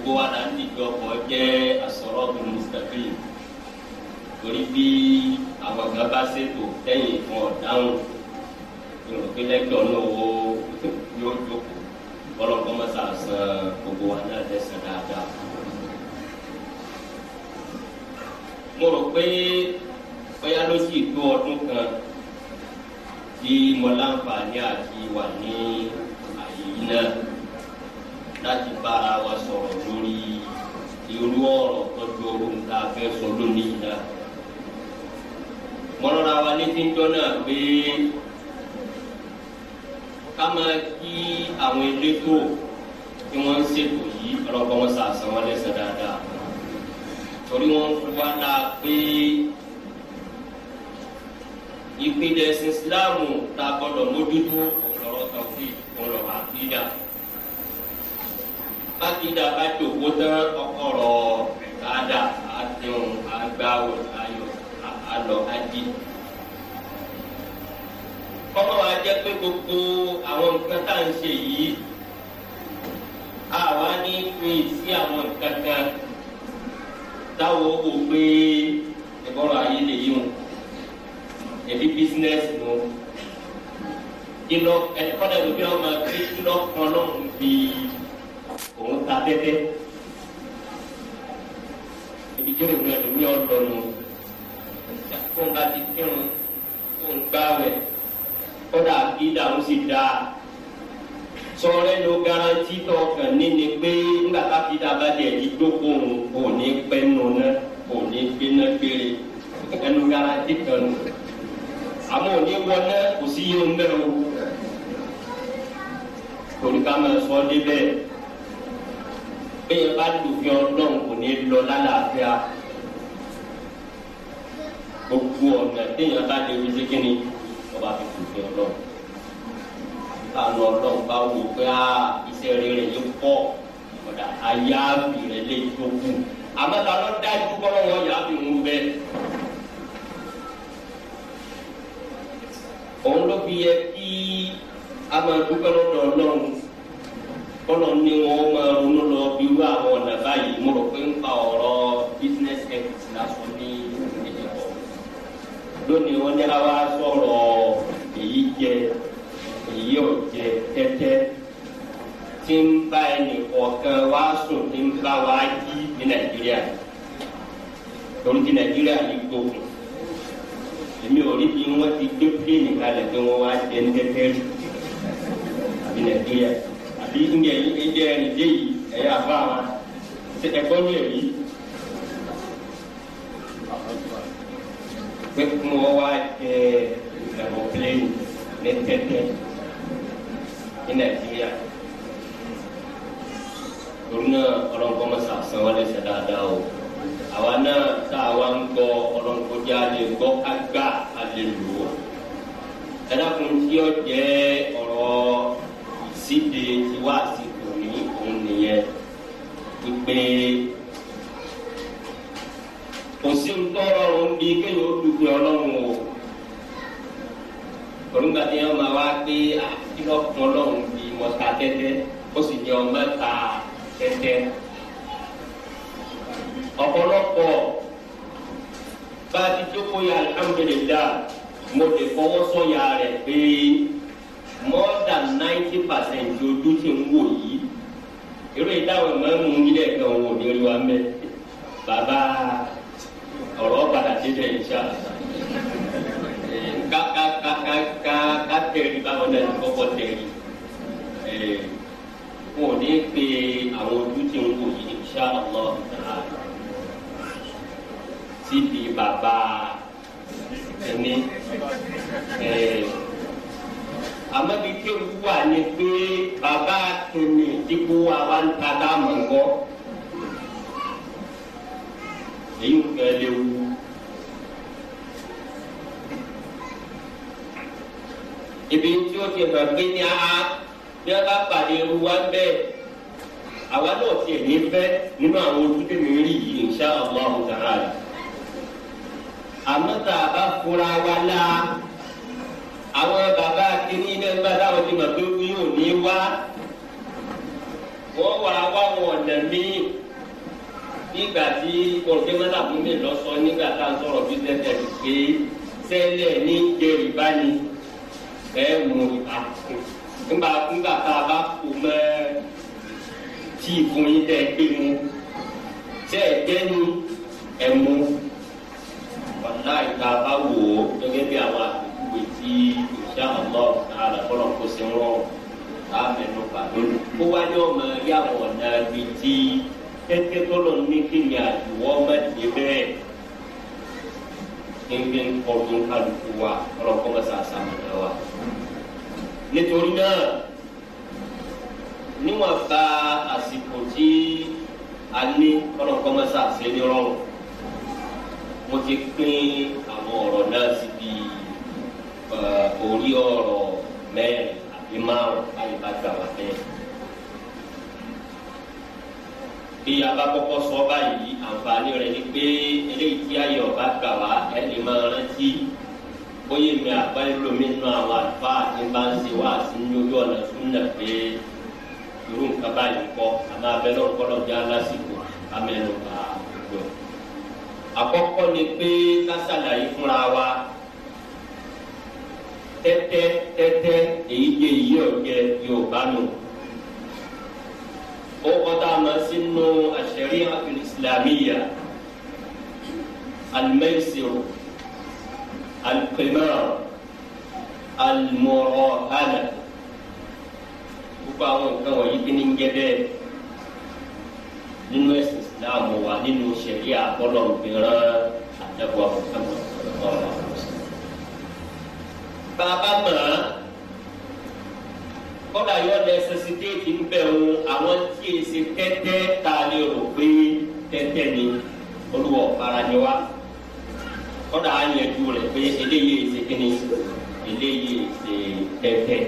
gbogbo wa la ní ìjọkọ̀ jẹ́ as-siratul mustaqim torí bí àwọn kan bá ṣètò lẹ́yìn fún ọ̀dáhùn ìròpé lẹ́gbẹ̀ọ́ náà wo yóò jókòó bọ́lọ́kọ́ mọ́sá san gbogbo wa náà lẹ́sẹ̀ dáadáa. mo rò pé bóyá ló kan tí mo láǹfààní àti wà ní àyè yìí náà láti bára wa sọ̀rọ̀ irú ọ̀rọ̀ tọ́jú ohun tá a fẹ́ sọ lónìí náà. mọ́nrọ́ra wa létí ńjọ́ náà pé ká máa kí àwọn elétò tí wọ́n ń ṣètò yìí ọlọ́pàá wọn sàṣàn wọn lẹ́sẹ̀ dáadáa. torí wọ́n ń fún pé ìpìlẹ̀ ẹ̀sìn Ìsìláàmù tá mójútó ọ̀rọ̀ tọ̀kì ọ̀rọ̀ àkídà bákidá bá jòkó tán ọkọ̀rọ̀ àdá àtẹ̀hùn àgbáwò ayọ̀ àlọ́ ájì. kọ́mọ́ wa jẹ́ pé gbogbo àwọn nǹkan tá à ń ṣe yìí àwa ní pin sí àwọn nǹkan kan táwọn wò pé ẹ̀bọ́rọ̀ ayé lè yí wọn ẹ̀bí bísínẹ́sì nù kí lọ ẹ̀kọ́ náà ló bí wọn kí lọ kàn lọ́hùn bíi òun ta tẹ́tẹ́ ibi tí òun ẹ̀dùn ní ọ̀dọ̀ nù kó n bá ti kírun kó n gbá rẹ̀ kódà kí dàrú sí dáa sọ̀rọ̀ ló garanti tọkàn ní ni pé nígbà tá a fi dáa bá tiẹ̀ di dókòwò kò ní pẹ́ nù náà kò ní gbéná gbére ẹnu garanti kan nù àmọ́ òní wọ́n náà kò sí yéwu mẹ́rin o torí máa sọ ọ́ débẹ̀ bẹ́ẹ̀ bá lùfẹ́ ọlọ́run kò ní lọ lálàáfíà gbogbo ọ̀nà téèyàn bá lè wíṣẹ́ kí ni ọba fi lùfẹ́ ọlọ́run káàánú ọlọ́run bá wò pé á iṣẹ́ rere yìí pọ̀ ọ̀dà ayáàbì rẹ̀ lè tó kù àmọ́ ta ló dájú kọ́lọ́ wọn yà á fi mú bẹ́ẹ̀. òun ló fi yẹ kí a máa dúpẹ́ lọ́dọ̀ ọlọ́run kọ́lọ̀ ní wọn máa ronú lọ bí irú àwọn ọ̀nà báyìí mo rò pé ń pa ọ̀rọ̀ business ethics lásán ní ìdíje pọ̀ lónìí wọn ní àwa sọ̀rọ̀ èyí jẹ èyí ò jẹ tẹ́tẹ́ tí ń bá ẹnì kọ̀ọ̀kan wá sùn tí ń bá wa jí ní nàìjíríà lórí ti nàìjíríà yìí gbógun èmi ò rí bí wọ́n ti gbé pílẹ̀nì kalẹ̀ pé wọ́n wá jẹ ní tẹ́tẹ́ rí àbí nàìjíríà àbí ndé ndé ẹni dé yìí ẹ̀ yà bá wa ṣe ẹ̀kọ́ ní èyí. pé mo wá ẹ ẹ̀rọ pléwù ní tẹ́tẹ́ ní nàìjíríà torí náà ọlọ́nkọ́ mọ́sá san wọlé ṣe dáadáa o àwa náà tá a wá ń gbọ́ ọlọ́nkọ́ jẹ́ alẹ́ gbọ́ ká gbà alẹ́ lò ó ẹ̀dá kun tí ó jẹ́ ọ̀rọ̀ síbi tiwa àsìkò ní òun nìyẹn wípé kò sí ntọ́rọ̀ òun bíi kéèyàn ó dùgbò ọlọ́run o olùgbà tí wọn máa wá pé àfihàn ọkùnrin ọlọ́run bí wọn ta tẹ́tẹ́ ó sì ní ọmọ ta tẹ́tẹ́ ọ̀pọ̀lọpọ̀ bá a ti jókòó ya alhamdulilayi mo lè fọwọ́ sọ̀yà rẹ̀ pé more than ninety percent ojú ti ń wò yìí irú ìdáhùn ìmọ̀ọ́mù ilé ẹ̀kan òun ò ní orí wa mẹ́ bàbá ọ̀rọ̀ padà débẹ̀ ìṣá ká ká ká ká ká ká tẹ̀rí báwọn náà ní kọ́kọ́ tẹ̀rí eh, wọn ò ní pe àwọn ojú tí ń wò yìí ìṣá ọ̀lọ́ síbi bàbá ẹni. Eh, àmọ́ bí tí ewu wà ní pé bàbá kìnnì dípò àwa ń ta dáàmú ńkọ́ èyí ń fẹ́ léwu. ibi tí ó ti hàn pé ní a bí a bá pàdé ewu wa bẹ́ẹ̀ àwa náà tiẹ̀ ní fẹ́ nínú àwọn ojú tèmi rí yìí insha Allah ta'ala àmọ́ tá a bá fura wa láà àwọn bàbá kìíní bẹ́ẹ̀ bá táwọn ti mọ̀ pé wí ò ní wá wọ́n wà wá wọn ọ̀nà míì nígbà tí kọ̀ọ̀kẹ́ mẹ́ta fún mi lọ sọ nígbà tá a sọ̀rọ̀ bí tẹ́tẹ́ ti pé sẹ́lẹ̀ ní jẹ̀rì báni ẹ̀ mú ìta nígbà tá a bá kó mẹ́ tí ìfún yín tẹ́ gbé mu tẹ́ ẹ gbẹ́nu ẹ̀ mú wàlá ìta bá wò ó gẹ́gẹ́ bí àwọn àgbẹ̀ tí ìṣá ọ̀lọ́ àlàkọ́lọ̀ kó sí wọn á mẹ́nu pa lónìí. ó wá ní ọmọ yá àwọn ọ̀nà ibi tí kẹ́kẹ́ tọ́lọ̀ ní kíni àdìwọ́ mẹ́tì bẹ́ẹ̀. kíngin ọdún kálukú wa ọlọ́kọ́ bá sàásà mọ̀tẹ́ wa. nítorí náà níwọ̀n bá àsìkò tí a ní ọlọ́kọ́ bá sàásà ní rọrùn mo ti pín àwọn ọ̀rọ̀ náà síbi. Eh, orí ọ̀rọ̀ mẹ́rin àbí márùn báyìí bá gbà wá bẹ́ẹ̀. bí a bá kọ́kọ́ sọ báyìí àǹfààní rẹ̀ ni pé eléyìí tí ayé ọba gbà wá ẹ lè máa rántí bóyá mi àgbá ẹlòmí nù àwọn àlùfáà tí bá ń ṣe wá ní ojú ọ̀nà fún nà pé irú nǹkan báyìí kọ́ àmọ́ abẹ́lẹ́ ọ̀pọ̀lọpọ̀ jẹ́ alásìkò amẹ́nu bá a jọ. àkọ́kọ́ ni pé ká fúnra wa tẹ́tẹ́ tẹ́tẹ́ èyí jẹ́ èyí ọ̀jẹ́ yorùbá nù. ó kọ́tà máa sínú àṣẹríà ìsìlámíyà alimẹ́sìrò alikimar alimọ̀rọ̀hánà gbogbo àwọn nǹkan wọ̀nyí kí ni ń jẹ́ bẹ́ẹ̀ nínú ẹ̀sìn islam wà nínú ṣẹ̀ríà bọ́lọ̀ òfin rán àdàbọ̀ àwọn ọ̀rọ̀ bàbá mọ̀ án kọ́dà yọ nẹ́sẹ̀sìtéètì ń bẹ̀ wọn àwọn tí e ṣe tẹ́tẹ́ ta lè rò pé tẹ́tẹ́ ni olùwọ̀ farajọ wa kọ́dà á yẹjú rẹ̀ pé eléyìí ṣe kíni eléyìí ṣe tẹ́tẹ́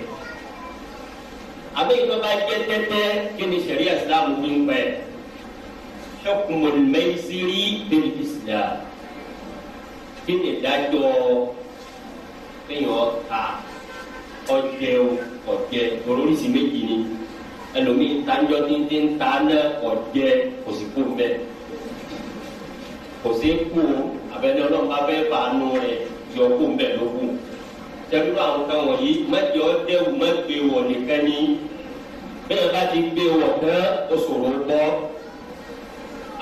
àbí ìjọba jẹ́ tẹ́tẹ́ kíni sẹ̀ríà Ìsìlámù ń pẹ́ ṣọ́kùnmọ̀ lẹ́yìn sí rí bẹ́ẹ̀ ìsìlá kí ni ìdájọ́ kéèyàn ta ọjẹ o ọjẹ oríṣi méjì ni ẹlòmíín tanjọ títí ń ta náà ọjẹ kò sì kú bẹ kò sí kú abẹ́lẹ́ ọlọ́run bá fẹ́ bá nu rẹ̀ yọ kú bẹ ló kú tẹ́lú àwọn kan wọ̀nyí mẹ́jọ dẹ́wù mẹ́gbẹ́ wọ̀ nìkan ní bẹ́ẹ̀ bá ti gbé wọ̀ tán ó ṣòro bọ́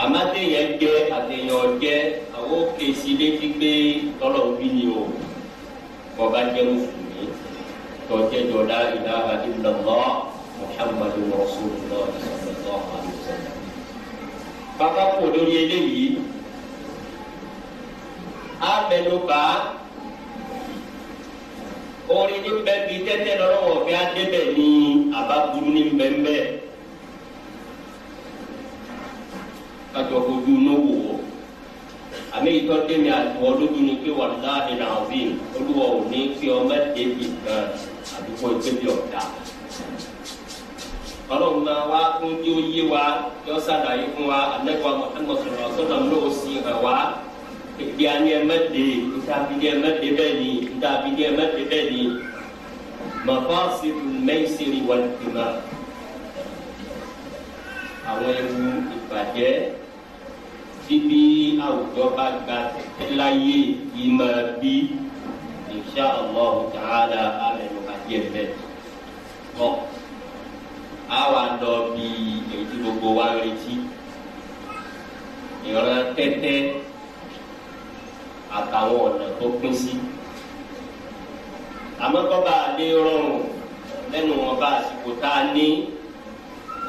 àmọ́ téèyàn jẹ́ àtẹ̀yàn jẹ́ àwọn òkè sí létí gbé tọ́lọ̀ ń bí ni o bọ́ba jẹ́ mùsùlùmí tọ́jẹ́ jọ̀dá ilaha illallah muhammadu rasulullah sallallahu alaihi wasallam. bàbá kò lórí eléyìí abẹnuba orin ní bẹ́ẹ̀bi tẹ́tẹ́ lọ́wọ́ bí adébẹ̀ ní abakuru ní bẹ́ẹ̀nbẹ́ẹ̀ kájọ fojú ní wò ó àmì ìtọ́jú mi àti ọdún ni pé wàlúwà ìlà ọ̀sìn olúwa ò ní kí ọmọ ẹ̀dẹ́bì kan àdúgbò ìgbébí ọ̀dà. ọlọ́run máa wá fún bí ó yé wa yọ sàdáyé fún wa àdẹ́kọ̀ọ́ àmọ̀tẹ́kọ̀ sọ̀rọ̀ sọ́dọ̀ ní o sì hàn wá. ìdí ani ẹ mẹ́tẹ̀ ìtàbídí ẹ mẹ́tẹ̀ bẹ́ẹ̀ ni ìtàbídí ẹ mẹ́tẹ̀ bẹ́ẹ̀ ni mọ̀fọ́sì mẹ́sìrì wà ní ìgbà àwọn ewu ìbàjẹ́ bíbí àwùjọ bá gba tẹ̀tẹ̀ láyé ìmọ̀ bí insha Allah ta'ala amẹnu àti ẹ̀fẹ̀ kọ́ a wà lọ bí èyí tí gbogbo wa retí ìran tẹ́tẹ́ àtàwọn ọ̀nà tó pín sí àmọ́ kọ́ bá a lè rọrùn lẹ́nu wọn bá àsìkò tá a ní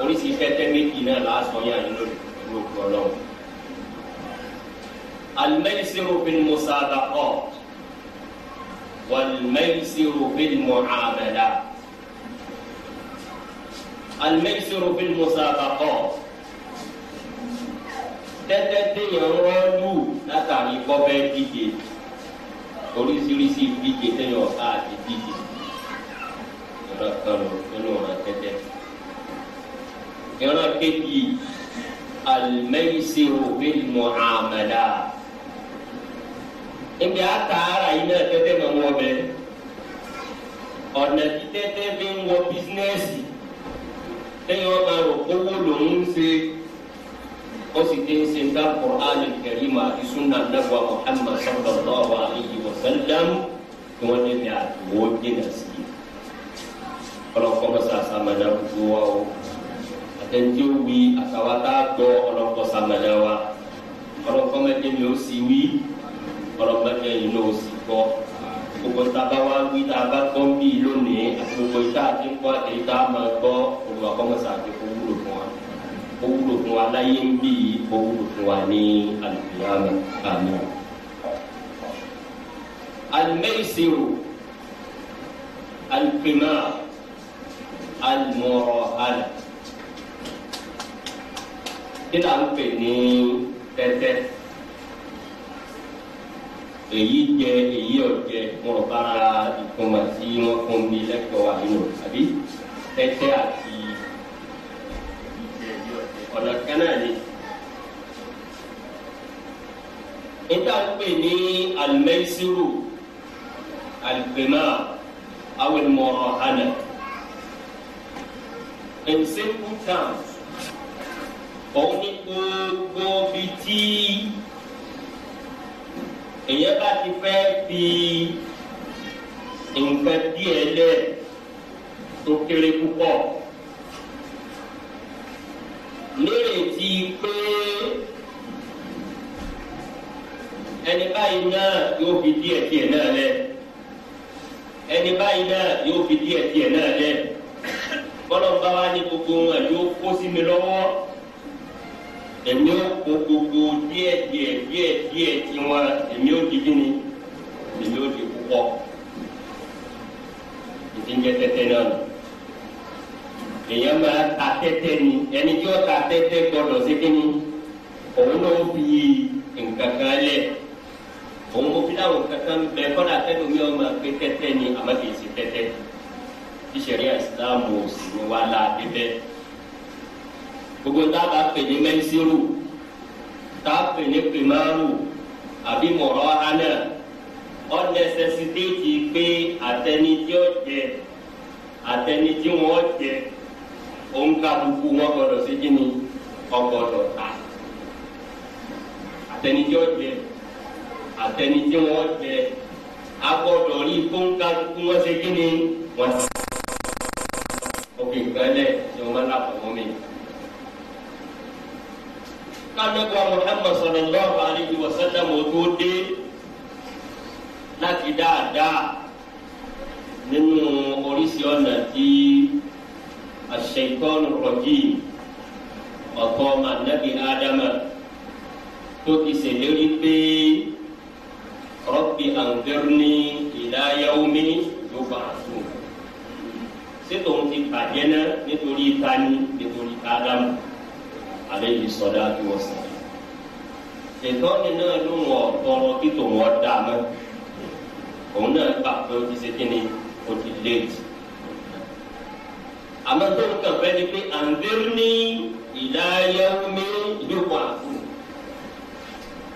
oríṣi tẹ́tẹ́ méjì náà làásọ̀ yàn nínú ìlú ọlọ́run. الميسر بالمصادقات والميسر بالمعاملات الميسر بالمصادقات tẹ́tẹ́ téèyàn wọ́n lù látàrí kọ́bẹ́ díje oríṣiríṣi díje téèyàn ọ̀tá àti díje ìran kan lò nínú ọ̀ràn tẹ́tẹ́. ìran kejì alimẹ́yìísí òbí mọ̀ àmàlà. ibi àtàrà yìí náà tẹ́tẹ́ máa wọ bẹ́ẹ̀ ọ̀nà tí tẹ́tẹ́ fi ń wọ bísínẹ́sì tẹ́yìn ọba rò owó lòún ń ṣe ó sì ti ń ṣe nǹkan Qur'an al-Karim àti sunna nàbọ̀ Muhammad sallallahu alayhi wa sallam tí wọ́n lé ní àtúwò dènà sí i ọlọ́kọ́ mọ́sá sàmàdà gbogbo wa o àtẹ̀ntì ó wí àtàwọn tá a gbọ́ ọlọ́kọ́ sàmàdà wa ọlọ́kọ́ mẹ́tẹ́mi ó sì wí kọlọmọdé yìí ló sì gbọ́ gbogbo ntaba wa wí tá a bá gbọ́ ń bí yìí lónìí àti gbogbo ìta àti ńkọ àti ìta máa gbọ́ olùwà kọ́mọ̀sá àti owúlò fún wa owúlò fún wa láyé ń bí yìí owúlò fún wa ní alùpùpù àmì. alimẹ́sìrò alùpùpù alimọ̀rọ̀ alù kí ni à ní tẹ́tẹ́ èyí jẹ èyí ọ̀jẹ wọn bára ìtumọ̀ tí wọ́n fún mi lẹ́kọ̀ọ́ àyínú àbí tẹ́tẹ́ àti ọ̀nà kan ni. níta ń pè ní alimẹ́sirù alifema awolmọ̀rọ̀ hànà in simple terms òun ni gbogbo bíi tí èyàn bá ti fẹ́ fi nǹkan díẹ̀ lẹ̀ tó kéré púpọ̀ nírètí pé ẹni báyìí náà yóò fi díẹ̀ díẹ̀ náà lẹ̀ ẹni báyìí náà yóò fi díẹ̀ díẹ̀ náà lẹ̀ bọ́lọ̀ bá wa ní gbogbo wọn yóò kó sí mi lọ́wọ́ èmi ó gbogbo díẹ̀ díẹ̀ díẹ̀ díẹ̀ tí wọn èmi ó di bí ni èmi ó di púpọ̀ ìdíjẹ tẹ́tẹ́ náà nù èèyàn máa ta tẹ́tẹ́ ni ẹni tí ó ta tẹ́tẹ́ gbọ́dọ̀ sí kí ni òun náà fi nǹkan kan òun mo fi láwọn nǹkan bẹ kọ́dà tẹ́tẹ́ mi ọmọ pé tẹ́tẹ́ ni àmọ́ kì í ṣe tẹ́tẹ́ tíṣẹ̀rí àìsílámù ò sì ní wàhálà débẹ̀ gbogbo tá a bá pè ní mẹ́ńsírù tá a pè ní pìmárù àbí mọ̀rọ́ hánà ọ nẹsẹsitéètì pé àtẹni tí ó jẹ àtẹni tí wọn jẹ òǹkàlùkù wọn gbọ́dọ̀ sí kíni ọgbọ́dọ̀ ta àtẹni tí ó jẹ àtẹni tí wọn jẹ agbọ́dọ̀ rí òǹkàlùkù wọn sí kíni wọn. ọkè ìgbẹ́lẹ̀ ni wọ́n máa ń làbọ̀ wọ́n mi kánẹ́gbà Muhammad sallallahu alayhi wa sallam tó dé láti dáadáa nínú oríṣi ọ̀nà tí aṣèkọ́nù rọ̀jì ọ̀tọ́ mànàbí ádámà tó ti ṣèlérí pé rọ́bì àǹgẹ́rùní ìlà yaumi yóò bá a sùn. sétòun ti bàjẹ́ náà nítorí tani nítorí ádámù àlébi sọdá kí wọ́n sàn. ṣètọ́ni náà ló ń wọ̀ tọrọ kí tòun ọ̀ dà mọ́ òun náà gbà pé ó ti ṣe kí ni ó ti léèdì. àmọ́ tó ń kàn fẹ́ ni pé à ń bẹ́rù ní ìdáyẹ̀wò mi yóò wà fún un.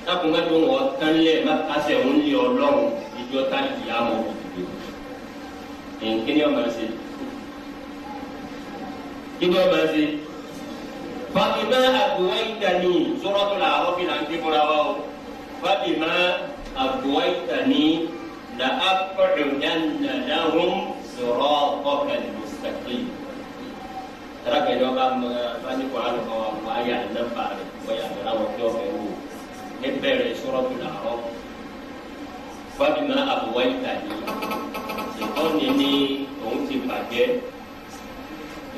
dákun ká tó ń wọ̀ kánlẹ̀ má kásẹ̀ òun lé ọlọ́run ìjọ tá ìyá mọ̀ òkùnkùn. kí ni ọmọ ẹ ṣe? kí ni ọmọ ẹ fabima abuwaitani suratul A'raf la ń ké fúnra wa o fabima abuwaitani la aq'udanna lahum siratakal mustaqim tara kẹ dọ b'a mẹ fani kọ alo kọ wa a yà nà wa yà nà wa dọ bẹ wo ne bẹ̀rẹ̀ suratul A'raf fabima abuwaitani sèkọ nini òun ti bàjẹ́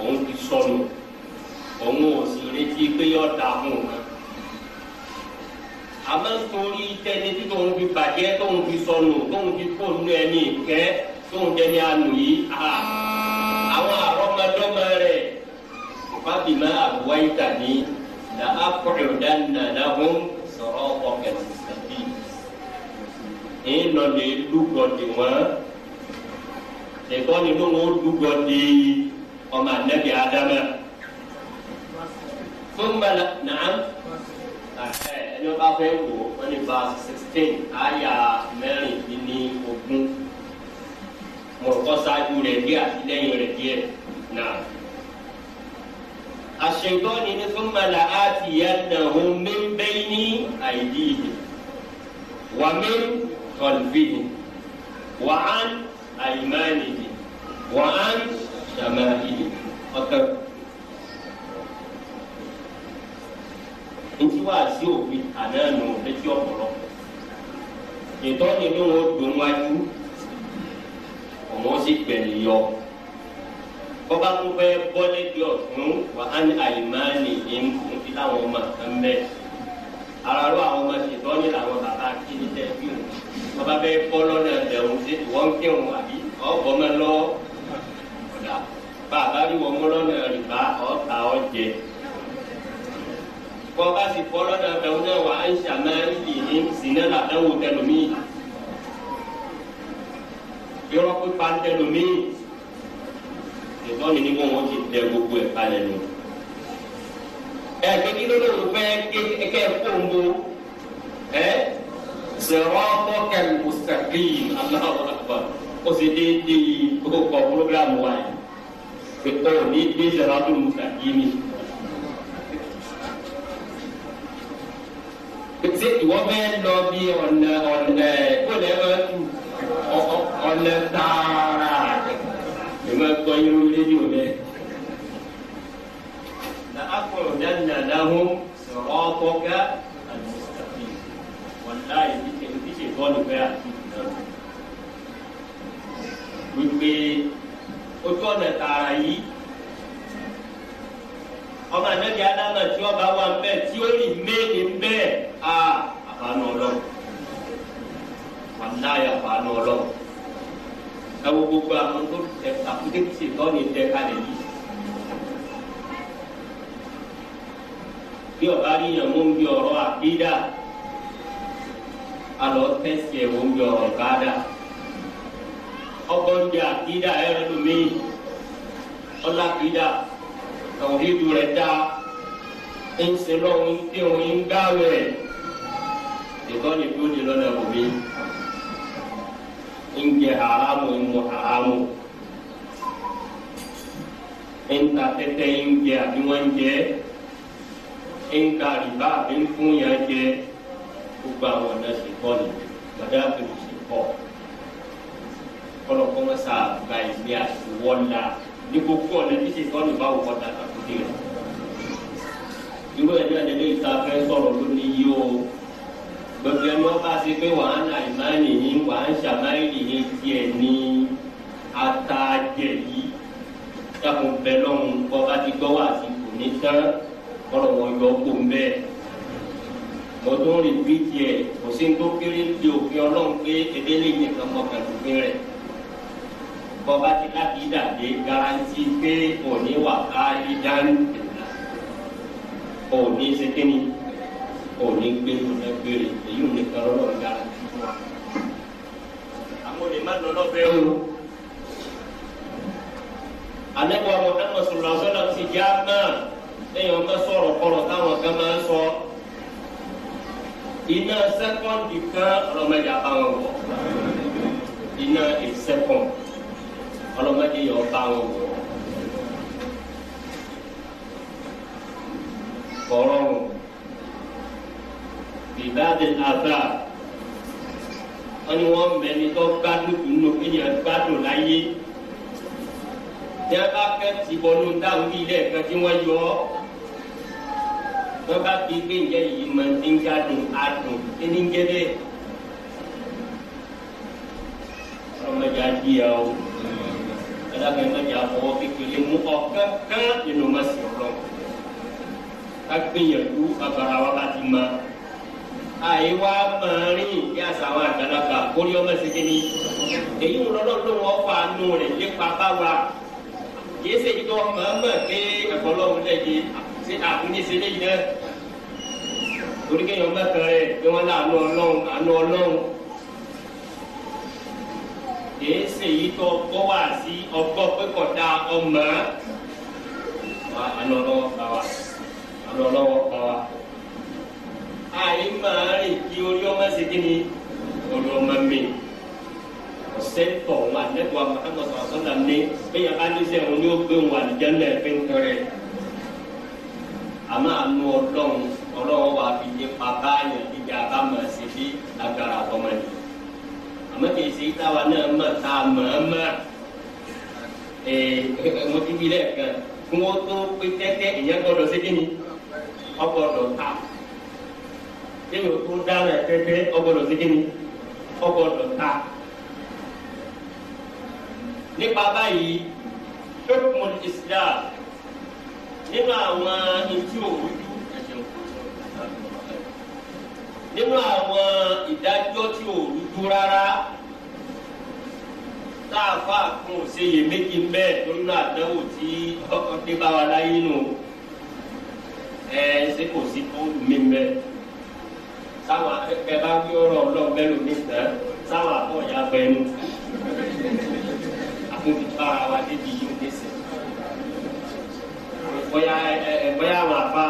òun ti sọnù òun ò sì retí pé yọ da fún un àmọ́ torí tẹ́ni tí tóun fi bàjẹ́ tóun fi sọnù tóun fi kó nínú ẹni ìkẹ́ tóun dẹni àánú yìí àwọn àrọ́mọdọ́mọ rẹ̀ fábìmọ́ àbúwá ìtàní là á kọ̀rọ̀ dáná láhùn sọ̀rọ̀ ọkẹ̀ sísèbí ìnọ̀lẹ̀ lúgọ̀dì wọn ẹ̀kọ́ nínú wọn lúgọ̀dì ọmọ ànábì ádámà fúnbala نعم. ẹni wọn bá fẹ́ wò wọn ní verse sixteen àyà mẹ́rin ní ogún mọ̀rọ̀kọ́ ṣáájú rẹ̀ bí àtìlẹ́yìn rẹ̀ díẹ̀ náà. الشيطان ثم لآتينهم من بين أيديهم ومن خلفهم وعن أيمانهم وعن شمائلهم ntí wàá sí òfin àná nù létí ọ̀pọ̀lọpọ̀ ìtọ́ni ni wọ́n dùn wájú ọmọ sì gbẹ̀lì yọ bọ́ba tó fẹ́ bọ́ lẹ́gbẹ̀ẹ́ ọ̀tún wà á ní àlìmáàní ìhìn fún fi láwọn ọmọ kan bẹ́ẹ̀ ara ló àwọn ọmọ ṣètọ́ni làwọn bàbá kíni tẹ́ o hàn bọ́ba bẹ́ bọ́ lọ́nà ẹ̀dẹ̀rún sí wọ́n kírun àbí ọ̀bọ̀ mọ́ lọ́ ọ̀dà bàbá rí wọn mọ́ lọ́nà rìbá ọ̀ta ọ̀jẹ̀ bọ́ba sì fọ́ lọ́dọ̀ bẹ̀rù náà wà á ń ṣàmáyé yìí sí náà làdáwò tẹlomi yọrọ pípa tẹlomi ìtọ́ni ni wọ́n ti tẹ gbogbo ẹ̀ balẹ̀ nù. ẹ kékeré lóru fẹ́ kẹ́ fóńgbó ẹ sẹ̀rọ̀ fọ́kẹ́ mùsàkìm Allahu akbar ó sì déédéé kókó kọ́ púrógírámù wa yìí pé ó ni dé sẹ̀rọ̀ tó mùsàkìm yìí. pété ìwọ bẹ lọ bí ọ̀nà ọ̀nà ẹ̀ kó lè ẹ tu ọ̀nà tààrà ẹ má gbọ́ irú rédíò rẹ. na akọrọ dáná láhùn sọ̀rọ̀ ọkọ̀ọ́gá àdìsítàfì wàlá ìdíje ìdíje bọ́ọ̀lù bẹ́ẹ̀ àti ìdáná. wípé ojú ọ̀nà tààrà yìí ọmọ anabi adama tí ọba wà ń bẹ tí ó lè méde ń bẹ a àfààní ọlọ́run wàlá yà àfààní ọlọ́run ẹ wo gbogbo àwọn tó tẹ àkúdékìsì tọ́ni tẹ kalẹ̀ yìí. bí ọba rí yàn mú bí ọ̀rọ̀ àbídà alọ tẹsí ẹ wọ bí ọ̀rọ̀ káàdà ọgbọ́n bí àbídà ẹ rẹ lómi ọlá àbídà tàwùrídù rẹ̀ dá ń ṣe lọ́wọ́ ń kírun ń gbáwẹ̀ ìkọ́ ni bí ó di lọ́nà òbí ń jẹ haramu ń mu haramu ń ta tẹ́tẹ́ ń jẹ àbí wọ́n ń ni gbàdá àbẹ̀wò sì kọ́ kọ́lọ́kọ́ wọn àti rẹ̀ irú ẹ̀ náà lẹ́nu ìta fẹ́ sọ̀rọ̀ lónìí yìí o gbogbo ẹni wọn bá ṣe pé wàá nà ìmáàlì yín wàá ń ṣàmáìlì yín tiẹ̀ ní atajẹ yìí yàtọ̀ bẹ́ẹ̀ lọ́hùn bọ́ bá ti gbọ́ wá sí kò ní tán kọ́lọ̀ wọ́n yọ kó ń bẹ́ẹ̀ mo tún rìn bí tiẹ̀ kò sí ní tó kéré di òfin ọlọ́run pé ebélé yẹn kan mọ̀ kàdùnkín rẹ̀ bọ́ba ti láti dàdé garanti pé òní wà ká ìdánù ìlànà òní sekeni òní gbé òní gbére èyí ò ní kẹrọ lọ garanti fún wa. àwọn òní má lọ lọ́bẹ̀ o. anẹ́wọ̀ Muhammad sọ̀rọ̀ sọ́dọ̀ ti já náà lẹ́yìn ọmọ sọ̀rọ̀ kọ̀rọ̀ táwọn Kalau yọ bá wọn wọ̀ kọ́rọ́rùn ìbáde àbá wọn ni wọn mẹni tó gbádùn nínú ènìyàn gbádùn láyé tí a bá fẹ́ tìbọnú dáhùn ilé ẹ̀kan tí wọ́n yọ ọ́ wọ́n bá fi gbé ǹjẹ́ yìí máa dábẹ́ mẹ́jẹ àfọwọ́ kékeré mú ọ̀kan kán nínú mẹ́sì ọ̀rọ̀ ká gbìyànjú bàbára wa bá ti ma àyè wa máa rìn bí àṣà ni èyí ń lọ́dọ̀ ló wọ́n fa nù rẹ̀ nípa báwa kì í ṣe ìjọ mọ̀ọ́mọ̀ pé ẹ̀fọ́ lọ́wọ́ lẹ́yìn ṣe àbúníṣe lẹ́yìn náà torí kéèyàn mẹ́kàn rẹ̀ pé wọ́n kìí ṣe yìí tó kọ́ wá sí ọkọ pé kò da ọmọ wa alọ́lọ́wọ́ bá wa alọ́lọ́wọ́ bá wa àyè máa rìn kí orí ọmọ ṣe kí ni orí ọmọ mi ọ̀sẹ̀ tọ̀ wà lẹ́kọ̀ọ́ àmọ́ sọ̀rọ̀sọ̀rọ̀ ní bẹ́ẹ̀ bá ní sẹ́yìn òun yóò gbé wọn àdìjẹ́ náà fi ń tọrẹ àmọ́ àánú ọlọ́run ọlọ́run wà fi yé pàbá yẹn níbi àbámọ̀ sí bí agbára ọmọ nìyí àmọ́ kì í ṣe táwa náà mọ̀ tá a mọ̀ ọ́ mọ̀ ẹ̀ mo ti wí lẹ́ẹ̀kan kí wọ́n tó pé tẹ́tẹ́ ìyẹn gbọ́dọ̀ sí ni ọgbọ́dọ̀ ta èyí tó dára tẹ́tẹ́ ni ọgbọ́dọ̀ ta nípa nínú àwọn ìdájọ́ tí ò rújú rárá tá a fa àkùn òṣèyè méjì bẹ́ẹ̀ tó nínú àdánwò tí ọkọ̀ dé bá wa láyé nù ẹ ṣé kò sí bóòlù mi bẹ́ẹ̀ sáwọn akẹ́kẹ́ bá wí ọ̀rọ̀ ọlọ́run bẹ́ẹ̀ lómi tẹ́ sáwọn àbọ̀yá bẹ́ẹ̀ nù àkùnfi bára wa débi yìí dé sè bóyá ẹ bóyá àwọn àbá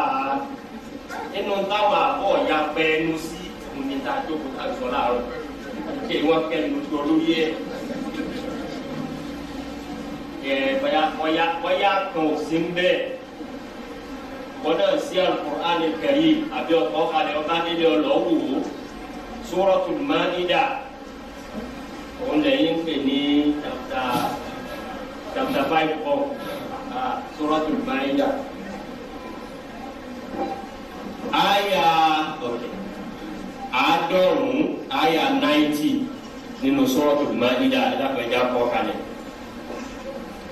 nínú táwọn àbọ̀yá bẹ́ẹ̀ nù sí tá a jókòó tá a sọ láàárọ̀ kí ni wọ́n kẹ́ni mo ti rọ lórí ẹ̀. quran Al-Karim àbí ọkọ̀ kalẹ̀ ọba nílé Suratul Maida òun lẹ́yìn ń pè ní dàpta dàpta Suratul Maida. Aya okay àádọ́rùn-ún àyà náìtì nínú sọ́ọ̀tù mánídà ẹ̀dàpẹ̀já kọ́ kalẹ̀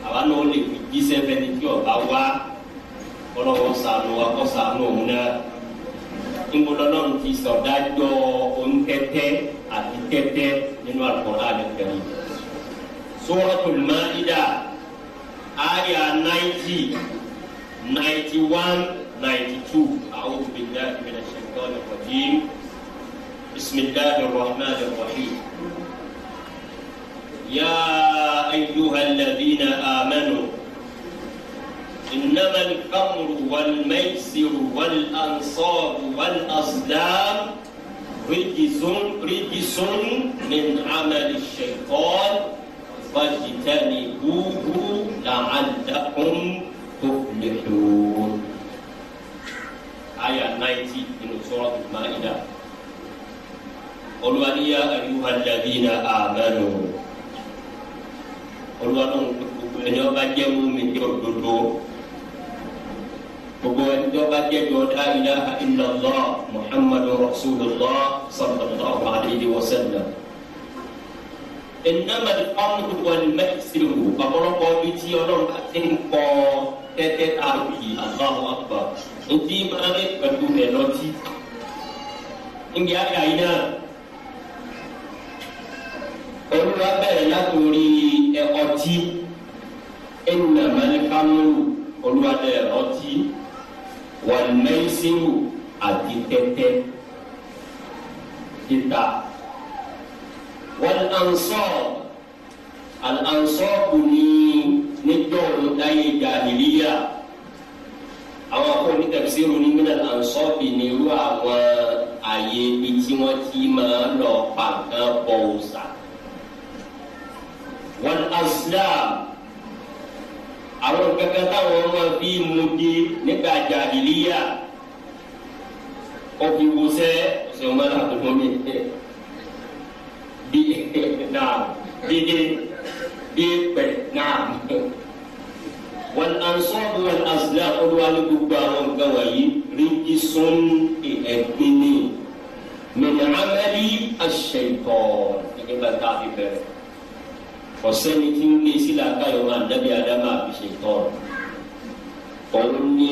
àwa náà lè fi jíṣẹ́ fẹ́ni tí ọba wá ọlọ́wọ́ sànù wa kọ́ sànù òun náà ńgbọ́dọ́lọ́run ti sọ̀dájọ́ ońtẹ́tẹ́ àti tẹ́tẹ́ nínú Al-Qur'an Al-Karim sọ́ọ̀tù mánídà àyà náìtì náìtì wán náìtì tù àwọn òbí náà ìbẹ̀rẹ̀ ṣẹ̀ńtọ́ ní kọ̀jí. بسم الله الرحمن الرحيم يا أيها الذين آمنوا إنما الخمر والميسر والأنصاب والأزلام رجس رجس من عمل الشيطان فاجتنبوه لعلكم تفلحون آية 90 من سورة المائدة olúwa ní yá ayúwa dàbí na àmánu olúwa ló ń gbogbo ẹni ọba jẹ́ mú mi jẹ́ òdodo gbogbo ẹni ọba jẹ́ jọ dáhìlá ilàlá muhammadu rasulillah sallallahu alayhi wa sallam ìnáma ní ọmọdé wọlé mẹsìlú ọ̀pọ̀lọpọ̀ bíi tí ọlọ́run bá ti ń kọ́ tẹ́tẹ́ àrùkì Allahu akbar ntí máa ń pẹ̀lú ẹ̀ lọ́tí. ń gbé àgbà yìí náà tó a bẹ̀rẹ̀ látòrí ọtí ẹnìyàn mẹ́lẹ́kámúrù olùwàdẹ ọtí wàlúmẹ́sìrù àti tẹ́tẹ́ títa wàlúhansọ́ alhansọ́ kò ní níjọ́ olùdáyé jàhìlíyà àwọn akóni tẹ̀síìrù ní mílẹ̀ alhansọ́ bì ní irú àwọn àyè ibi tí wọ́n ti máa lọ pàǹkan bọ̀ ọ̀sán. wal aslam awak kata tahu orang lah di mudi negara jahiliyah Kopi buse, semua dah tu kami. Di Vietnam, di di di Vietnam. Wan Ansar dan Azla Kedua Lugu Barong Kawai Rikisun Iepini Menyamari Asyaitan Ini bantah di Vietnam ọ̀sẹ́ni tí ń lé sílá káyọ̀ máa dábì ádámà àfiṣe tọ́rọ̀ òun ni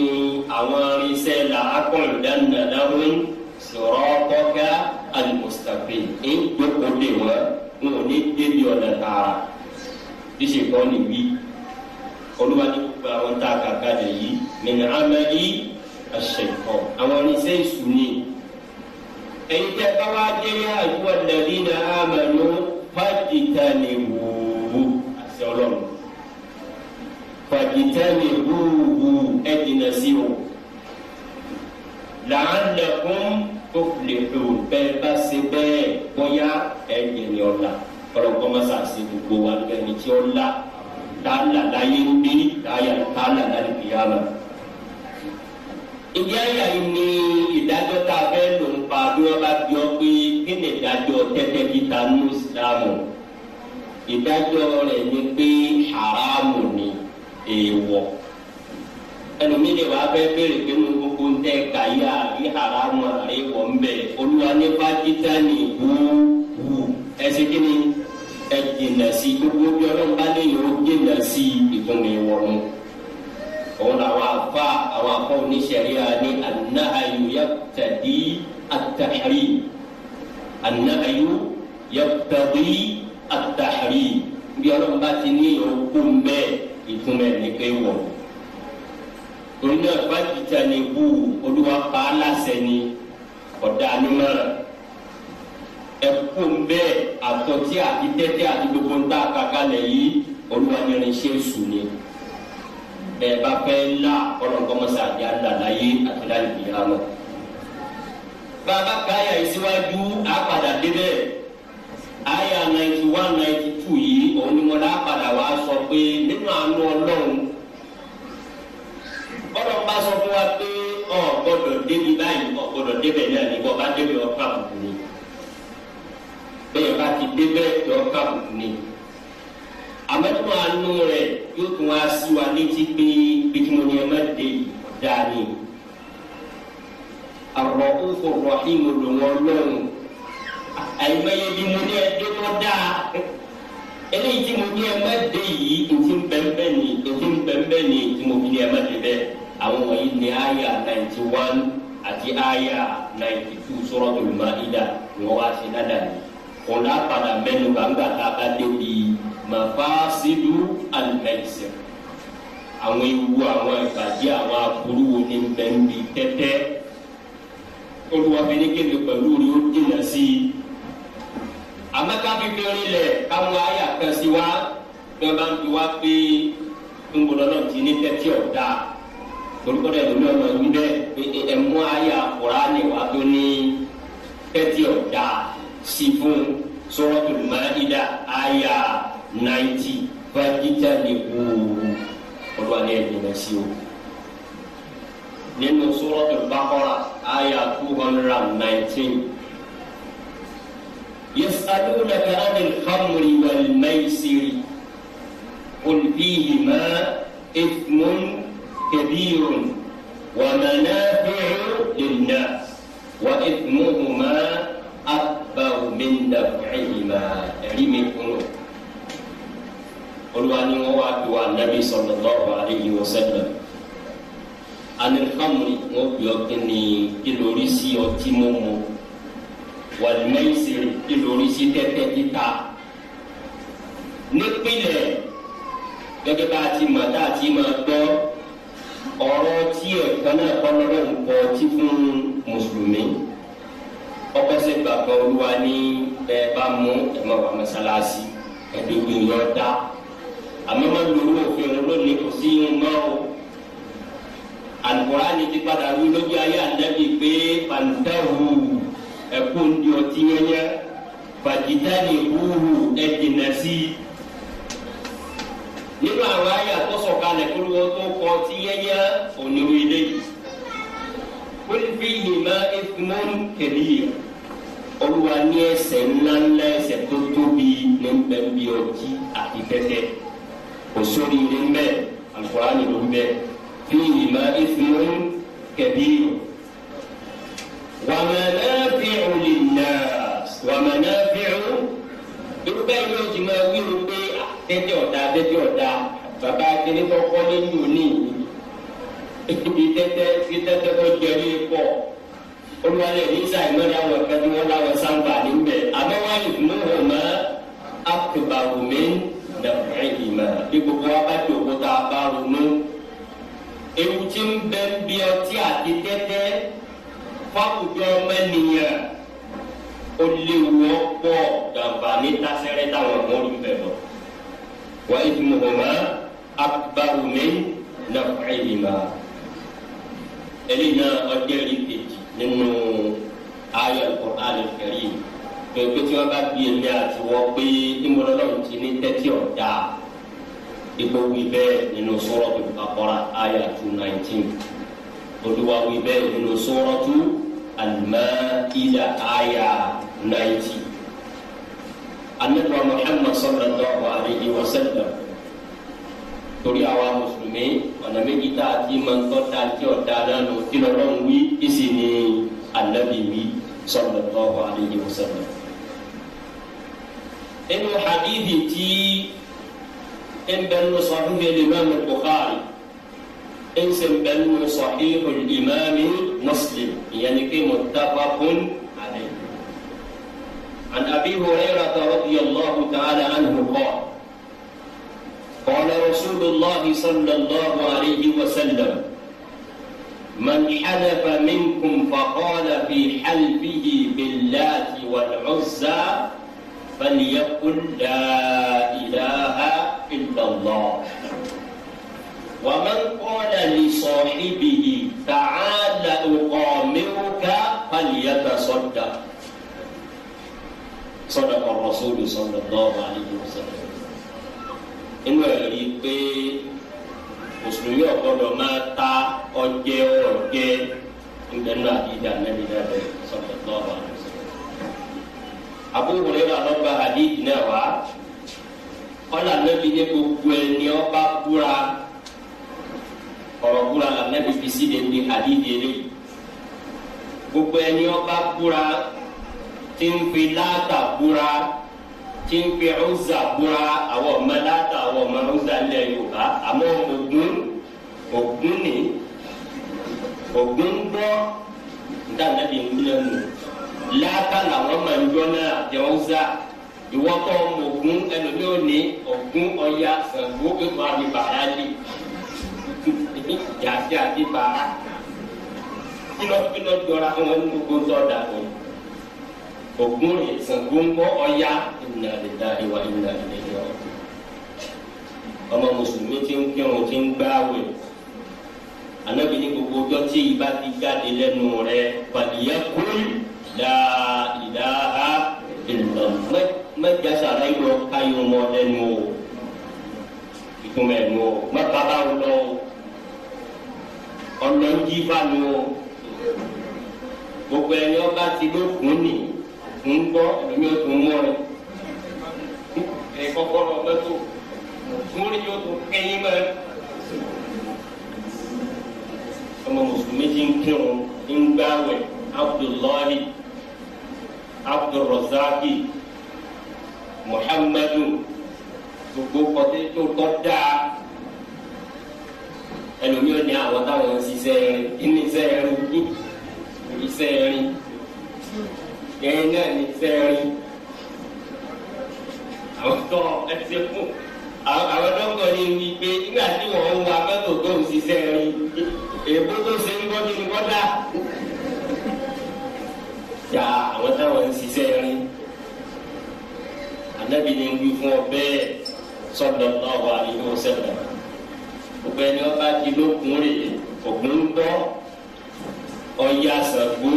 àwọn irinṣẹ́ la akọ̀ǹdánná láwọn sọ̀rọ̀ kọ́gá alimọ̀sítàfẹ́ ń gbókòó lè wọ́n ń wọ́n ní débi ọ̀nà tààrà bí ṣe kọ́ ni wí olùwàdí gbogbo àwọn tá a kà kalẹ̀ yìí mẹ́nà amẹ́lí àṣẹ̀kọ́ àwọn irinṣẹ́ ìsúnni ẹ̀yin tẹ́ bá wá dé yá àjùwọ̀n dàbí nà ámàlú fàdìtà nìwò ọlọ́run fàgìtẹ́lì rúurú ẹ̀jìnà sí o làálẹ̀kùn tó lè lò bẹ́ẹ̀ bá ṣe bẹ́ẹ̀ bóyá ẹ̀jìnì ọ̀la ọlọ́gbọ́n mọ́sá sí gbogbo wa lẹ́ni tí ó la tààlà láyé ń bí tààlà láyé kìyàmà. ìdí àyà yìí ni ìdájọ́ tá a fẹ́ lò ń pa bí wọ́n bá bí ọ pé kí ni ìdájọ́ tẹ́tẹ́ kíta ní ìsìlámù ìdájọ́ rẹ̀ ni pé haramu ni èèwọ̀ ẹlòmílẹ̀ wàá fẹ́ béèrè pé mo gbogbo ń tẹ́ kàyà bí haramu àríwọ̀ ń bẹ̀ olúwa ní fájítà ní wúwú ẹsẹ̀ kí ni ẹ jìnà sí gbogbo bí ọlọ́run bá lè yọ jìnà sí ìtúnu ìwọ̀n òun làwọn afa àwọn afa oníṣẹ̀ríà ní anahayu yabtadi atahari anahayu yabtadi àtàrí bí ọlọ́run bá ti ní òkú mbẹ́ ìtumẹ̀ ní pé wọ̀. torí náà fájìtà ni wù olúwa pa á láṣẹ ni ọ̀dà nímọ̀ràn ẹ̀kú mbẹ́ àtọ̀tí àti tẹ́tẹ́ àti gbogbo ń tà kàkálẹ̀ yìí olúwa ní irinṣẹ́ èṣù ni bẹ́ẹ̀ bá fẹ́ la ọlọ́nkọ́mọsá àti àdàláyé àti láyé ìyá wọn. bàbá káyà ìsíwájú àpàdà débẹ̀. Aya ninety one ninety two yìí òun ni wọn lápadà wá sọ pé nínú àánú ọlọ́run bọ́lá bá sọ fún wa pé ọ gbọ́dọ̀ débi báyìí ọ gbọ́dọ̀ débẹ̀ ní bọ́ọ̀ bá débi ọ̀ka àbùkù ni bẹ́ẹ̀ bá ti débẹ̀ ọ̀ka àbùkù ni àmọ́ nínú àánú rẹ̀ yóò tún wá sí wa létí pé bìtìmọ̀nì ẹ̀ má dé dáa ni àrùn ọ̀hún fọ̀rọ̀ ìmọ̀lò wọn lọ́rùn àyùmẹyẹ bí mo ní ẹdẹ tó dáa eléyìí tí mo ní ẹ má dé yìí ètí ń bẹ́ẹ̀ ní ètí ń bẹ́ẹ̀ ní tí mo fi ní ẹ má dé bẹ́ẹ̀ àwọn wọ̀nyí ní àyà ninety one àti àyà ninety two Suratul Maida ni wọ́n wá sí dáadáa ní kò lápadà mẹ́nu gbàgbà tá a bá débi mafasidu al-maisir àwọn ewu àwọn ìbàjẹ́ àwọn aburú wo ni bẹ́ẹ̀ ń bi tẹ́tẹ́ olùwàbẹ̀ni kéde pẹ̀lú rí ó dènà sí kábí fi rinlẹ̀ káwọn àyà kan sí wa bí wọ́n bá ń fi wá pé ńgbọ́dọ̀ náà ti ní tẹ́tí ọ̀dà torúkọ dẹ̀ lómi ọmọ ẹ̀mú dẹ̀ ẹ̀mú àyà Kùránì wá tó ní tẹ́tí ọ̀dà sí fún Suratul Maida àyà náìtì fagita ni wúwo ọdún alẹ́ ẹ̀dínlá sí o nínú Suratul Baqara àyà two hundred and nineteen. يسألونك عن الخمر والميسر قل فيهما إثم كبير ومنافع للناس وإثمهما أكبر من نفعهما علم القلوب قل وأن وعد النبي صلى الله عليه وسلم عن الخمر وبيقني كيلوريسي وتيمومو wàlúmẹ́sìrì ìlórí sí tẹ́tẹ́ títa nípìnlẹ̀ gẹ́gẹ́ bá a ti mọ̀ tá a ti mọ̀ gbọ́ ọ̀rọ̀ tí ẹ̀kan náà kọ́ lọ́wọ́ nǹkan tí fún mùsùlùmí ọkọ̀sẹ̀ gbàgbọ́ olúwa ní ẹ bá mú ẹ̀mọ́ wà mọ́sálásí ẹ̀dógún yọ dá àmọ́ má lórí òfin olónìí kò sí irun o Al-Qur'ani ti padà wí lójú ayé àdẹ́bí pé pàǹtẹ́wù ẹkọ ndi ọtí yẹyẹ fàjìdáni wúwú ẹdínà sí i nínú àwọn àyà tó sọ̀kalẹ̀ kó lóun tó kọ ọtí yẹyẹ onírú ilé yìí kó ní fi yèmá ẹfúnmọ́n kẹ̀lé yẹ olúwa ní ẹsẹ̀ ńláńlá ẹsẹ̀ tó tóbi ní bẹ́ẹ̀bi ọtí àti tẹ́tẹ́ òsórí ilé ń bẹ́ẹ̀ alukóra nìlú ń bẹ́ẹ̀ fi yèmá ẹfúnmọ́n kẹ̀lé kíní tó kọ́ ní lónìí ibi tẹ́tẹ́ ibi tẹ́tẹ́ tó jẹ ní pọ̀ olùwàlẹ̀ ní sàìmọ́ ní àwọn ẹ̀ka tí wọ́n láwọn sáńpà níbẹ̀ abẹ́wáyé fúnú wọn mọ́ akùbàwùmí dàbẹ̀ ìmọ̀ bí gbogbo wa bá tó kó tá a bá ronú ewu tí ń bẹ ń bí ọtí àti tẹ́tẹ́ fáwùjọ mẹ́niyàn ó léwu ọ̀pọ̀ dàbà ní tásẹ̀rẹ́ táwọn ọmọ olùbẹ̀rọ wáyé fúnú wọn mọ́ akbaru min naf'ihima eléyìí náà ọjọ́ rí kejì nínú ayé al-Qur'an al-Karim pẹ̀lú tí wọ́n bá bí èmi àti wọ́n pé ìmọ̀lọ́lọ́run ti ní tẹ́tí ọ̀dà ipò wí bẹ́ẹ̀ nínú Suratul Baqara ayé two nineteen olúwa wí bẹ́ẹ̀ nínú Suratu al-Ma'idah ayé ninety. anabi wa Muhammad sallallahu alayhi wa sallam. tori awa muslimi wanda me kita ati manto tanti o dada no tinorong wi isini anda bibi sallallahu alaihi wasallam Enu hadith ti embel sahih al imam al bukhari en sembel sahih al imam muslim yani ke muttafaqun alaih an abi hurairah radhiyallahu ta'ala anhu qala قال رسول الله صلى الله عليه وسلم من حلف منكم فقال في حلفه باللات والعزى فليقل لا إله إلا الله ومن قال لصاحبه تعال أقامرك فليتصدق صدق الرسول صلى الله عليه وسلم nínú ẹ̀ rí i pé mùsùlùmí ọ̀gbọ́dọ̀ máa ta ọjẹ́ ọ̀jẹ́ nbẹ̀nu àdìdà nàbì nàbẹ̀ sọ̀tọ̀tọ̀ wa. Abu Hurairah lọ́ba àdìdì náà wá ọ̀là nàbì ní gbogbo ẹ̀ ní ọba búra ọ̀rọ̀ búra là nàbì fi sí dèndé àdìdì ẹ̀lẹ́ gbogbo ẹ̀ ní ọba búra tí ń fi láàtà búra tí ń pe ọ̀nzà búra àwọn ọmọ láta àwọn ọmọ ọ̀nzà ilẹ̀ yorùbá àmọ́ ogun ogun ni ogun gbọ́ dáadáa di ìwúlẹ̀ nù láta làwọn máa ń yọ náà àti ọ̀nzà ìwọ́tọ̀ ogun ẹlòmíì ò ní ogun ọya Ṣàngó ìmọ̀ àdìbàrà lè yàtí àdìbàrà kí lọ́ọ́ kí lọ́ọ́ jọra wọn ní gbogbo ń wọn. Ògún rè Ṣàngó ń bọ Ọya inna lillahi wa inna ilayhi raji'un ọmọ mùsùlùmí ti ń kírun ti ń gbààwẹ̀ anabi ní gbogbo ọjọ́ tí ìbá ti jáde lẹ́nu rẹ pàdéyà kúrú la ilaha illallah mẹjọsà rẹ yọ káyọ mọ lẹ́nu o ìtumọ̀ ẹ̀nu o mẹbàbà wọlọ o ọlọ́njì bá nu o gbogbo ẹni ọba ti ló kún nìyí ń gbọ́ ẹ̀mí ó tún mọ́rin kọ́kọ́rọ́ mẹ́tò múrí yóò tún kẹ́yìn mẹ́rin. ọmọ mùsùlùmí jí ń kírun ń gbáwẹ̀ abdullahi abdulrozaki muhammadu gbogbo kọtí tó tọ́ dáa ẹlòmíràn ní àwọn táwọn ń ṣiṣẹ́ ẹrin ìníṣẹ́ ẹrin ìṣẹ́ ẹrin ẹ̀yin ni ní sẹ́ẹ̀rí àwọn tó ẹsẹ̀ kù àwọn dọ́kítọ̀ ní wí pé nígbà tí wọ́n ń wa mẹ́tò tó ń ṣiṣẹ́ rí èbó tó ṣe ń bọ́jú ní bọ́dà ya àwọn táwọn ń ṣiṣẹ́ rí anabi ni wí fún ọ bẹ́ẹ̀ sọ̀dọ̀ náà wà nínú sẹ́dọ̀ gbogbo ẹni ọba ti lókun rè ògùn ń gbọ́ ọ̀ya sàgbó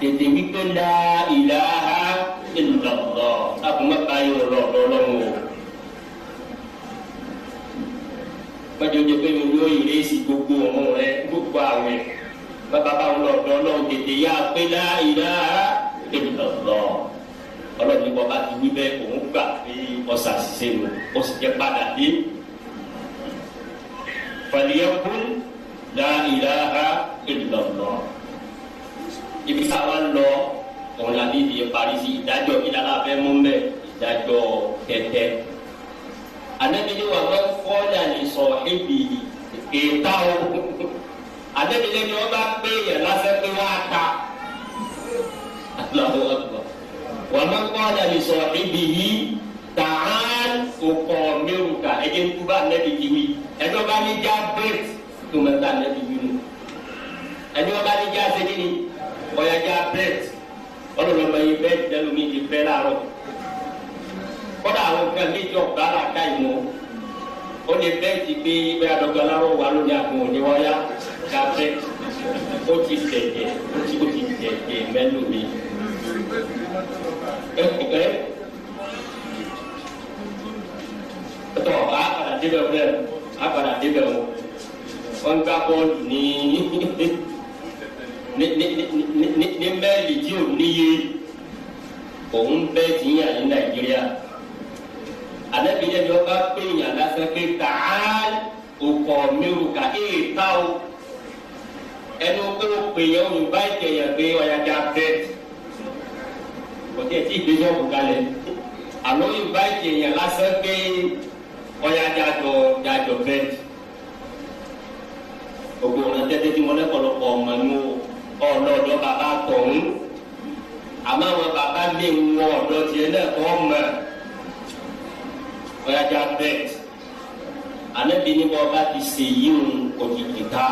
tètè wípé la ilaha illallah àkùnmọ́ báyìí ọ̀rọ̀ ọ̀rọ̀ ọlọ́run o. wájú ojú pé mi yóò yìí sí gbogbo ọ̀hún rẹ gbogbo àwẹ̀ bàbá báwọn lọ́dọ̀ ọlọ́run tètè yá pé la ilaha illallah ọlọ́run bọ́ bá ti wí bẹ́ẹ̀ òun gbà pé ọ̀sà ṣiṣẹ́ lò ó sì jẹ́ padà dé. fàlìyàn kún la ilaha ibi táwa ń lọ òun la bí ibi parí sí ìdájọ́ ìdára abẹ́ mú mbẹ́ ìdájọ́ tẹ́tẹ́. Anabili wa bẹ fọlá ní sọ ebi ìta o. Anabili ni wọ́n bá gbé yẹn lásán pé wọ́n á ta. Alahu akbar. Wa bẹ fọlá ní sọ ebi yìí tàán òkò mẹ́rùkà ẹ̀jẹ̀ ń kúbà nẹ́bi yìí wí. Ẹ̀jọ̀ bá ní já bẹ́ẹ̀t tó mẹ́ta nẹ́bi yìí nù. Ẹ̀jọ̀ bá ní já sẹ́yìn ni ọ̀yájà bẹ́ẹ̀t ọlọ́lọ́mọ yìí bẹ́ẹ̀t lẹ́nu mi ti fẹ́ láàárọ̀ kọ́dà àwọn nǹkan mi jọ bàálà ká ìmọ̀ ó ní bẹ́ẹ̀tì pé ibẹ̀ àdọ́gba lárọ̀ wà lóní àgùn òní wáyà ká bẹ́ẹ̀t ó ti tẹ̀jẹ̀ ó ti ó ti tẹ̀jẹ̀ mẹ́lò mi. tọ́ a padà débẹ̀ wọ́n a padà débẹ̀ wọ́n wọ́n gbá bọ́ọ̀lù ní. ní ní ní ní mẹ́ẹ̀lì tí ò níye òun bẹ́ẹ̀ ti yàn ní nàìjíríà àdébìyẹn ni wọ́n bá pè yàn lásán pé tààl òkò mẹ́rù ká èè tá o ẹnu pé o pè yàn olùbá ìjẹyàn pé ọ̀yàjà bẹ́ẹ̀ kò tí ẹ ti gbé yọ̀ọ̀bù kalẹ̀ àlọ́ ìbá ìjẹyàn lásán pé ọ̀yàjà jọ jàjọ bẹ́ẹ̀ gbogbo ọ̀nà tẹ́tẹ́ tí mo lẹ́kọ̀ọ́ lọ́kọ̀ ọ̀mọ̀ nù ọ̀nà ọ̀dọ́ bàbá tọ̀hún àmọ́ àwọn bàbá mi ń wọ ọ̀dọ́ tiẹ̀ náà kọ́ mọ̀ ọ̀yájà bẹ́ẹ̀ anabi ni wọn bá ti ṣe yí òun òjijì ká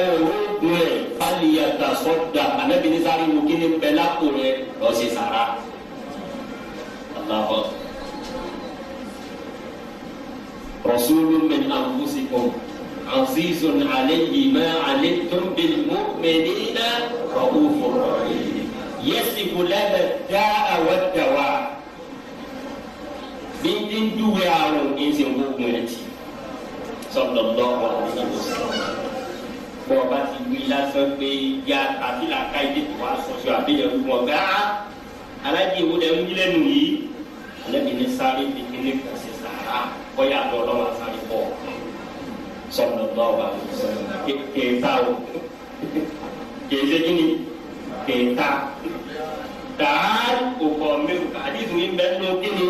òògùn ẹ pálíyàtà sọdà anabi ni sáré wò kíni bẹlẹ àpò rẹ lọ sí sàrà aláwọ rasulun min عزيز علي ما علمتم بالمؤمنين رؤوف رحيم يصف لنا الداء والدواء bindin duwe aro inse ngogunati sallallahu alaihi wasallam bọ́ọ̀ bá ti wí lásán pé ya tàbí làákà ìdí tó wá sọ̀sọ̀ àbíyẹn fún ọ gbá alájí ìwé dẹ̀ ń wí lẹ́nu yìí alẹ́ mi sáré fi kíní kan ṣe sàrà kọ́ yà lọ́ọ́ lọ́wọ́ sáré bọ́ọ̀ sọ̀nà lọ́wọ́ kéèta o kéèta kí ni kéèta daa òkò mẹ́rin káàdì tó yín bẹ́ẹ̀ nù kí ni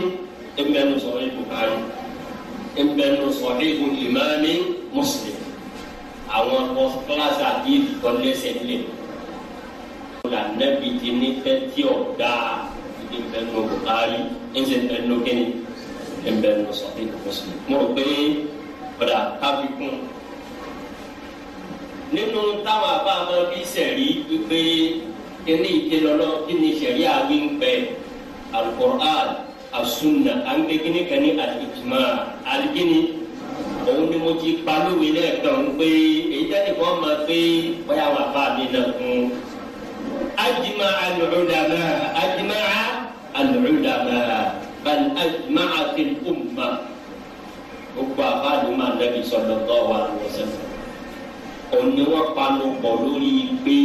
ẹ̀mẹ́nu sọ̀rọ̀ ìbò kárí ẹ̀mẹ́nu sọ̀rọ̀ ìbò ìmáàmì mùsùlùmí àwọn kílásì àti ìdìkọ́ lẹ́sẹ̀ nílẹ̀ la nẹ́bi ti ní fẹ́ tí ọ̀ dáa ẹ̀mẹ́nu bùkárí ẹ̀mẹ́nu kí ni ẹ̀mẹ́nu sọ̀rọ̀ ìbò mùsùlùmí. mo rò ọ̀dà káfí kún nínú táwọn àbá máa fi sẹ̀rí pípé kíní ìkélọ́lọ́ kíní sẹ̀rí àwí ń pẹ́ alukur'an asunna an gbé kíní kan ní alikima alikini òun ni mo ti palówe lẹ́ẹ̀kan pé èyí tẹ́lẹ̀ kọ́ máa pé bóyá wà bá mi nà kún. ajima al-ulama ajima al-ulama bal ajima fil umma gbogbo àbáàdì máa dẹ́bi sọ̀dọ̀ tó wà òní wọ́n panu pọ̀ lórí pé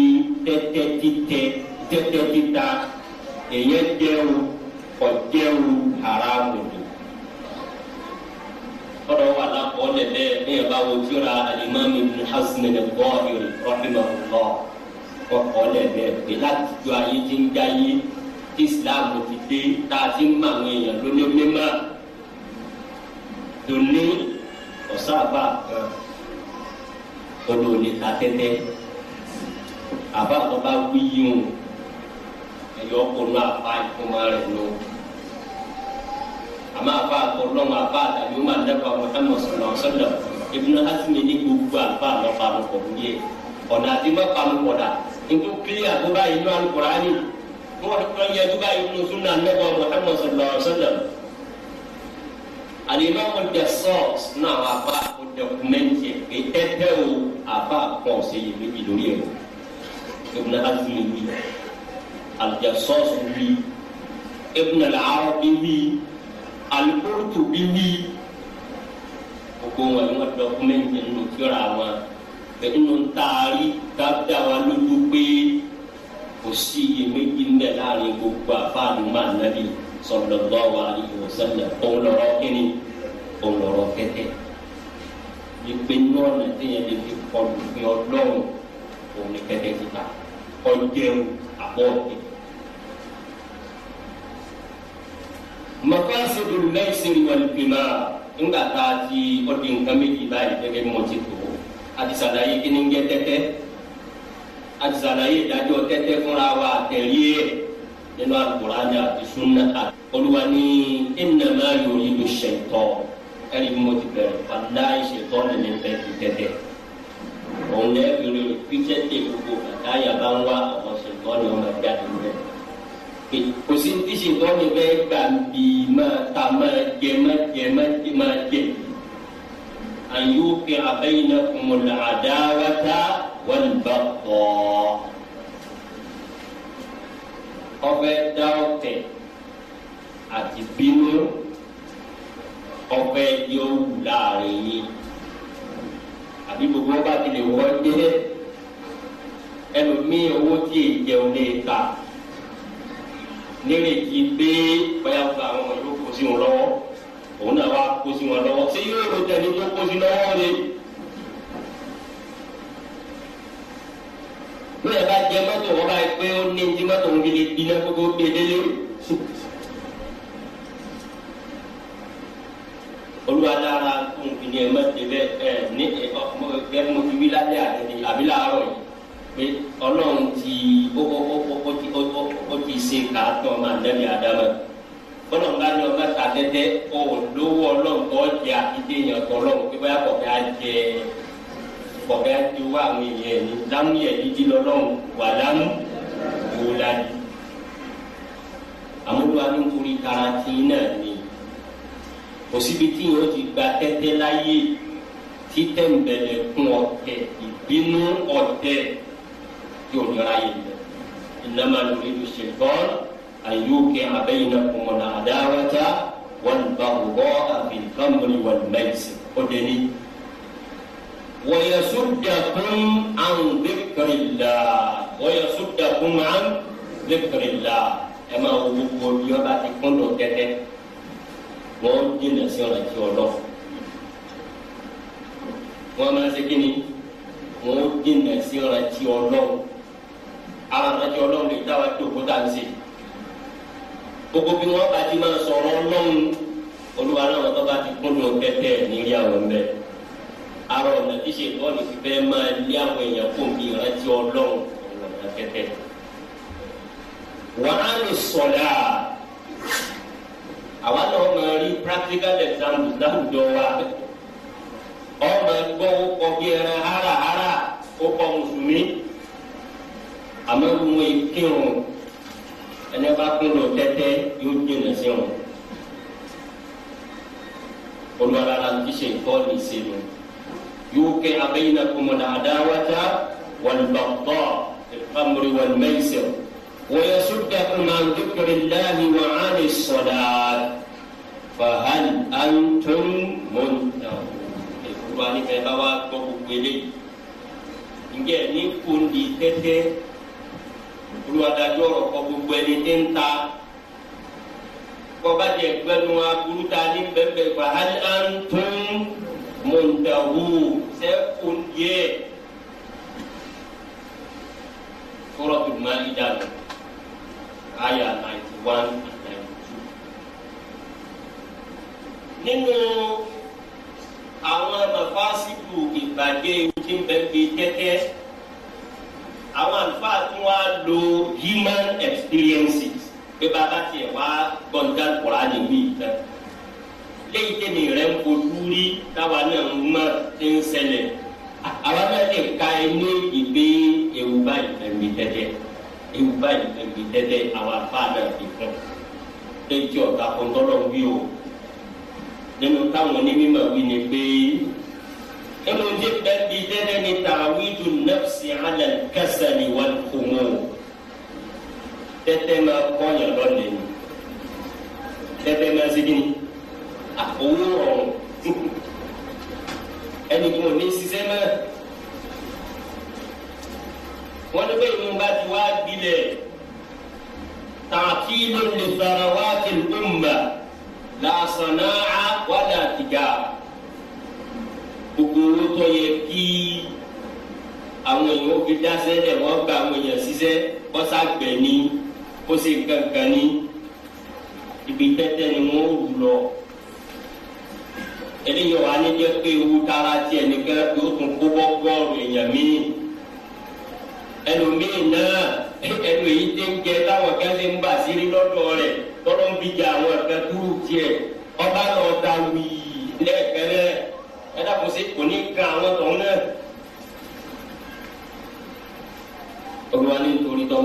tẹ́tẹ́ títẹ tẹ́tẹ́ títa èyẹ jẹ́wò ọ̀jẹ́wò haramu ni kọ́dọ̀ wà lápọ̀ọ́lẹ̀ bẹ́ẹ̀ ní ẹ̀ bá wo tíra alimami ibn hasan ní bọ́ọ̀lù rahimahullah kọ́kọ́lẹ̀ bẹ́ẹ̀ pé láti ju ayé tí ń jáyé tí islam ti dé tá a ti ń mọ àwọn èèyàn lónìí mímọ́ dòní ọ̀sán àbá kan olóòní ta tẹ́tẹ́ àbá kan bá wíyí o ẹ̀yọ́ ọkùnrin àbá ìfúnmọ́ rẹ̀ lọ àmọ́ àbá àkọlọ́wọ́ àbá àtàbí ó máa dẹ́kun àwọn ẹ̀mọ́ sọ̀rọ̀ sọ̀rọ̀ Ibn Hazm ní gbogbo àbá àlọ́pàá lóye ọ̀nà àti mọ́pàmùpọ̀dà nítorí kílíà tó báyìí ní Al-Qur'ani wọ́n yẹ tó báyìí ní sunna Nabi Muhammad sallallahu alimami Dassas náà wà bá o dọkumẹ́ntì ẹ̀ pé tẹ́tẹ́ o àbá kan ọ̀sẹ̀ yìí méjì lórí ẹ̀ Ibn Hazm wí Dassas wí Ibn al-Arabi wí al-Qurtubi wí gbogbo wọn ni wọn dọkumẹ́ntì nínú kíra wọn pẹ̀lú ntaari dábìá wa lójú pé kò sí iyèméjì ń bẹ láàrin gbogbo àfáàlú máa nábì sallallahu alaihi wasallam òun lọrọ kínní òun lọrọ kẹtẹ ìpè náà nàti lè fi kọlu fi Ọlọ́run òun ní kẹtẹ kíkà ọjẹun àbọọkẹ. mọ̀kásìdù lẹ́sìn wọ̀lùpìmá ńgbà tá a ti ọdí nǹkan méjì báyìí gẹ́gẹ́ bí mo ti tó àti sàlàyé kí ni ń jẹ́ tẹ́tẹ́ àti sàlàyé ìdájọ́ tẹ́tẹ́ fúnra wa àtẹ̀lé ẹ̀ nínú alukurani àti sunna àti olúwa ní innama yuridu shaytan ẹni mo ti bẹ̀rẹ̀ fàdá ìṣètò nínú bẹ́ẹ̀ ti tẹ̀tẹ̀ òun lẹ́ ìrìn píṣẹ́tì gbogbo kàtá yàrá ń wá àwọn ṣètò ni wọ́n máa jáde níbẹ̀ kò sí ti ṣètò ni bẹ́ẹ̀ gbà bí máa ta máa jẹ máa jẹ máa jẹ máa jẹ an yuqi bainakumul adawata wal baghdha ọfẹ dá ọ̀tẹ̀ àti bínú ọfẹ yóò wù láàrin yín àbí gbogbo ọba ti lè wọ dé ẹlòmíì owó tí èyí jẹun lè ta nírètí pé bóyá àwọn ọmọ yóò kó sí wọn lọ́wọ́ òun náà wá kó sí wọn lọ́wọ́ ṣé yóò tẹ̀lé tó kó sí lọ́wọ́ rẹ̀. bí ẹ bá jẹ mọ́tò wọn bá pé ó ní ti mọ́tò ń fi lè gbiná gbogbo gbé délé. olùwàdára tó ń fi ní ẹmọ ti bẹ ẹ ní ọmọ ẹgbẹ́ mo fi wí lábẹ́ àdéhùn àbí láàárọ̀ yìí pé Ọlọ́run ti ó ó ó ó ti ó ó ti ṣe kàátọ ọmọ àdébí àdámọ Ọlọ́run bá ní ọmọ tàdédé òun lówó Ọlọ́run kọ jẹ àti déyàn tọ Ọlọ́run pé bóyá kọfẹ á jẹ ẹ kọ̀ọ̀kan ti wá àwọn èèyàn ẹ̀yìn lámú yẹ̀lí di lọ́lọ́run wà lámú wò lálẹ́. àmúlùwà ló ń torí karantí náà ni kò síbi tí yóò ti gba tẹ́tẹ́ láyé títẹ̀m̀bẹ̀lẹ̀ kún ọ̀tẹ̀ ìbínú ọ̀tẹ̀ yóò nira yìí lọ. ìnáma lórí lu ṣèkọ́n àyùkẹ́ abẹ́yìnà kùmọ̀nà àdáwàjá wọn bá wọ́ àfihàn mọ́ni wọn mẹ́sì ó dé ní. ويصدكم عن ذكر الله ويصدكم عن ذكر الله ẹ máa wo gbogbo bí wọn bá ti kún lò tẹ́tẹ́ wọn dènà sí ọ̀nà tí ọlọ́ wọn máa ṣe kí ni wọn dènà sí ọ̀nà tí ọlọ́ ara ọ̀nà tí ọlọ́ lè dá wa tó kó tá a ń ṣe gbogbo bí wọn bá ti máa sọ̀rọ̀ ọlọ́run olúwa náà wọn tó bá ti kún lò tẹ́tẹ́ nírí àwọn bẹ́ẹ̀ ara ọ̀nà tí ṣe kọ́ ní fífẹ́ máa lé àwọn èèyàn kó mi ìrántí ọlọ́run ọ̀nà tẹ́tẹ́. wọ́n á lè sọ̀dá àwa náà máa rí practical examples láwùjọ wa ọmọ ẹgbọ́ ó kọ bí ẹran hárahára ó kọ mùsùlùmí àmọ́ ìwọ̀n ìkírun ẹni bá kún lọ tẹ́tẹ́ yóò dènà sí wọn olùwàlà ti ṣe ìkọ́ni sínú. يوقع بينكم العداوة والبغضاء في الخمر والميسر ويصدكم عن ذكر الله وعن الصلاة فهل أنتم منتهون القرآن كيف وقبلي ǹjẹ́ ní kundi tẹ́tẹ́ olùwàdájọ́ ọ̀rọ̀ kọ gbogbo ẹni tí ń ta kọ́ba jẹ gbẹnu aburú ta ní bẹ́ẹ̀ bẹ́ẹ̀ fà hali à ń tún. Mundahu, sɛ kunye suratul maida aya ninety one and ninety two nínú àwọn mafasidu ìbàdé tí ń bẹ́ẹ̀ tẹ́tẹ́ àwọn àlùfáà tí wọ́n human experiences pé bàbá tiẹ̀ wá gbọ̀ngàn kura léyìí tèmi rẹ̀ ń kojú rí táwa náà ń mọ̀ tí ń ṣẹlẹ̀ àwa náà lè ka ẹ ní ìgbé ewu báyìí ẹ̀mí tẹ́tẹ́ ewu báyìí ẹ̀mí tẹ́tẹ́ àwa bá náà fi fún ẹjẹ ọ̀tá kọ́ńtọ́lọ́ wí o nínú táwọn onímọ̀ wí ni pé ẹnu tí bẹ́ẹ̀ bí tẹ́tẹ́ ni tàwídù nafsi ala al-kasali wal-khumul tẹ́tẹ́ máa kọ́ yàn lọ́lẹ̀ tẹ́tẹ́ máa ṣe owó rọrùn ẹnì kan ò ní ṣiṣẹ́ mọ́ wọ́n ní bẹ́ẹ̀ ni wọ́n bá ti wá gbilẹ̀ tààkìlù lè fara wá kìlú mbà làásán náà wà láàtìgà gbogbo owó tó yẹ kí àwọn èèyàn fi dáṣẹ́ lẹ̀ wọ́n gba àwọn èèyàn ṣiṣẹ́ kọ́sá gbẹ̀ ní kó ibi tẹ́tẹ́ ni wọ́n rù lọ eléyìí wà ní jẹ́ pé ewu tara tiẹ̀ nìkan yóò tún kó bọ́ gọ́ọ̀rù èèyàn míì ẹlòmíì náà ẹnu èyí tẹ́ ń jẹ táwọn kan ṣe ń bà sí rí lọ́dọ̀ rẹ̀ tọ́lọ́ ń bíjà àwọn kan dúró tiẹ̀ ọba lọ da wíì lẹ́ẹ̀kan náà ẹ̀dá kò sí kò ní ka àwọn tọ̀hún náà. olùwà ní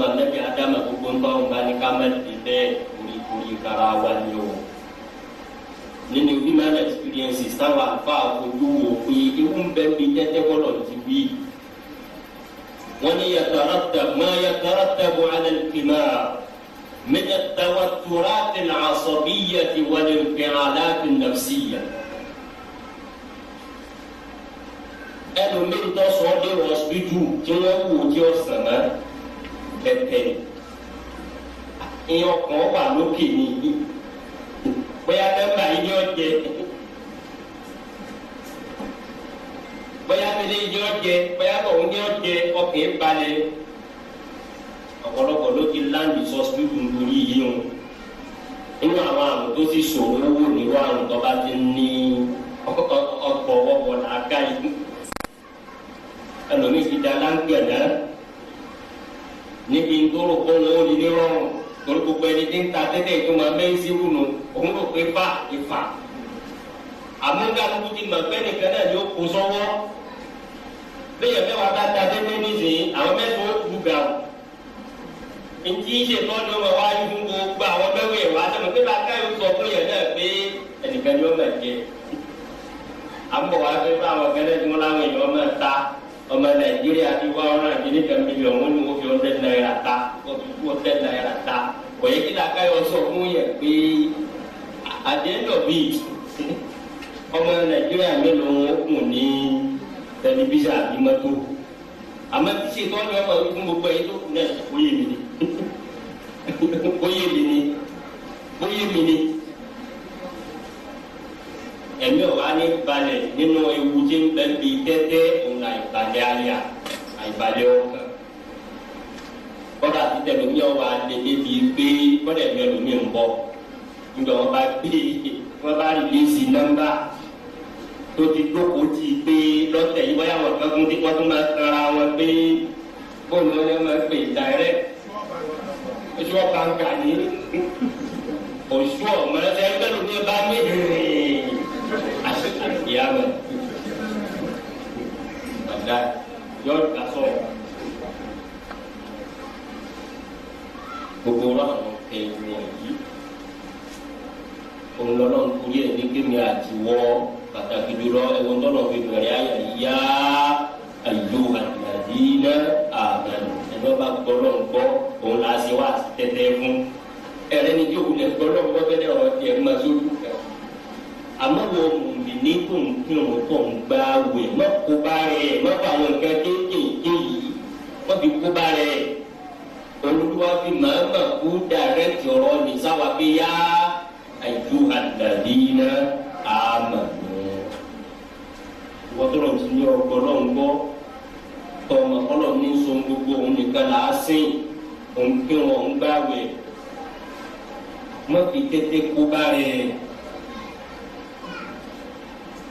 ma nẹ́bí ádámà gbogbo ń wọn bá ní ká ti bẹ́ẹ̀ kúrikúri kára wá ní o nínú human experiences táwọn àfa àfojú wò pé ewu ń bẹ bí tẹ́tẹ́ bọ́lọ̀ ti wí. wọ́n ní yàtọ̀ àtà máa yàtọ̀ àtà bọ̀ alẹ́ kìnnà mẹ́tẹ̀ tàwọn tura ti nà àsọ̀bíyà ti wọlé kẹ́hìn aláàfin nàfsíyà. ẹnu méjìdá sọ dé ọsibítù tí wọn wò tí ó sàn náà tẹtẹ ìyọkàn wà lókè ní bóyá nọ́mbà yìí ni ó jẹ bóyá tẹ́lẹ̀ yìí ni ó jẹ bóyá tọ̀hún ni ó jẹ ọkàn yìí balẹ̀ ọ̀pọ̀lọpọ̀ ló ti láǹdì sọ́sibú lórí yìí o nínú àwọn àrùn tó ti ṣòro wò nínú àrùn tó bá ti ní ọgbọ̀wọ́gbọ̀ làákà yìí ẹlòmíì ti da láǹgbẹ̀dá níbi tó rò kó lórí nírọ̀rùn torí gbogbo ẹni tí ń ta tẹ́tẹ́ tó máa mẹ́ sí wùnú òun rò pé bá ìfà àmúgalùkù ti mọ̀ pé nìkan náà yóò kó sọ́wọ́ bẹ́ẹ̀ mẹ́wàá bá ta tẹ́tẹ́ nísìnyí àwọn mẹ́tọ́ gbùgbà ntí ṣètò ọdún ọmọ wa yìí fún gbogbo àwọn mẹ́wàá ẹ̀wà sẹ́mi pé bàtà yóò sọ fún yẹn náà pé ẹnìkan yóò mọ̀ jẹ́ àmọ́ wàá fẹ́ fún àwọn kẹ́lẹ́ tí wọ́n láwọn èèyàn ọmọ hundred naira ta wọ́n fi two hundred naira ta kò yẹ kí làákàyọ̀ sọ fún yẹn pé at the end of it ọmọ nàìjíríà mélòó wọn kùn ní tẹlifíṣà àbí mọ́tò àmọ́ tí ṣètò ọ̀nà ọmọ ìlú gbogbo ẹ̀yìn tó kù náà ó yé mi ni ó yé mi ni ó mi ni ẹ̀mí ọ̀wá ní balẹ̀ nínú ewu tí ń bẹ́ẹ̀ bi tẹ́tẹ́ òun àìbalẹ̀ àríyá àìbalẹ̀ ọkàn kọ́dà ti tẹ̀ lómi ọ̀wà dédé bi pé kọ́dà ẹ̀mí ẹlòmí ń bọ̀ nígbà bá gbé e, wọn bá rìlẹ́sì nọ́mbà tó ti gbókòó ti pé lọ́tẹ̀ yìí wáyà wọn kan tí wọ́n tún máa sara wọn pé bóun ló yẹ máa pè dàrẹ́ oṣù ọ̀pá ń oṣù ọ̀mọ̀lẹ́sẹ̀ ẹgbẹ́ lómi ọba mi àṣìyá mọ̀ ọ̀dà yọ̀ọ̀dà sọ̀rọ̀. gbogbo ọlọ́run kẹyìn wọ̀nyí òun lọ́lọ́run kúrí ẹ̀ ní kémi àtiwọ́ pàtàkì jùlọ ẹ̀wọ̀n tọ́lọ̀ fi bẹ̀rẹ̀ ayà yá àyò àdínà àbẹ̀rù ẹ̀dọ́ bá gbọ́ lọ́n gbọ́ òun là á ṣe wá tẹ́tẹ́ fún ẹ̀rẹ́ ni tí òun lè gbọ́ lọ́n gbọ́ bẹ́ẹ̀ ọ̀rọ̀ tiẹ̀ ń máa sórí kan àmọ́ wo mùmí ní tó ń kírun tó ń gbá wẹ̀ mọ́ kó bá rẹ̀ mọ́ bá àwọn nǹkan kéékèèké yìí wọ́n fi kó bá rẹ̀ olùdókòwò máa ń bà kú dàrẹ́tì ọ̀rọ̀ ní sáwà pé yá àìjú àdàdí iná àmà wọ́tọ́rọ̀ ti ní ọgbọ́n náà ń gbọ́ ọmọ kọ́lọ̀ ní so gbogbo òun nìkan là á sìn òun kí wọn ń gbàwẹ̀ mọ́tì tètè kó bá rẹ̀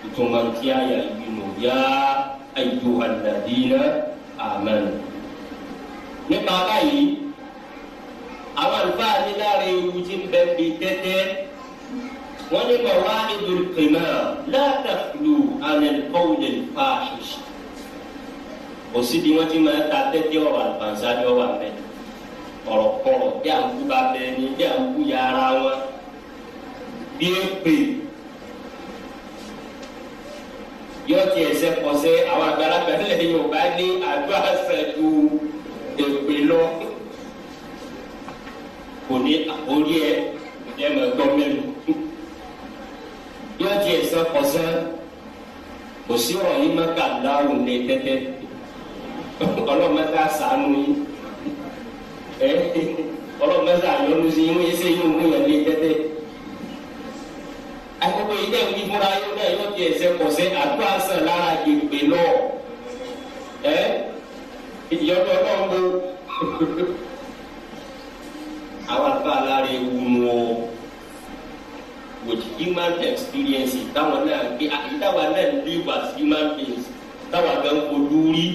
ìtumọ̀ tí a yà ìgbìmọ̀ yá àìjú àdàdí iná àmà nípa báyìí àwọn àlùfáà ní lára ewu tí ń bẹ bí tẹ́tẹ́ wọ́n ní mọ̀ wá idul qima la taflu anil qawlil fahish kò sí bí wọ́n ti máa ta tẹ́tẹ́ ọ̀rọ̀ àlùbáńsá ni ọ̀wà mẹ́ ọ̀rọ̀ kọ̀rọ̀ bí à bá bẹ́ẹ̀ ni bí à ya ara wọn bí ó pè yọ ti ẹsẹ kọsẹ àwọn àgbàlagbà nílẹ̀ Yorùbá ní àdúrà sẹ̀dù èpè lọ kò ní àkórí ẹ ẹ mọ ẹgbọ mẹnu yóò di ẹsẹ kọsẹ kò sí ọ̀rọ̀ yìí má kà láwùn lé tẹ́tẹ́ ọlọmọdé àṣàánú yìí ẹ ọlọmọdé àyọnu sí yìí wọn ẹsẹ yìí wọn yẹn lé tẹ́tẹ́ akókò yìí dẹ́wù yìí fúnra yóò náà yóò di ẹsẹ kọsẹ àtọ àṣà lára ìgbè náà ẹ ìyọdọ náà ń bọ àwọn afá alára ewu nu o with human experience táwọn náà gbé àyíkáwá náà live as human beings táwọn kan kò dúrí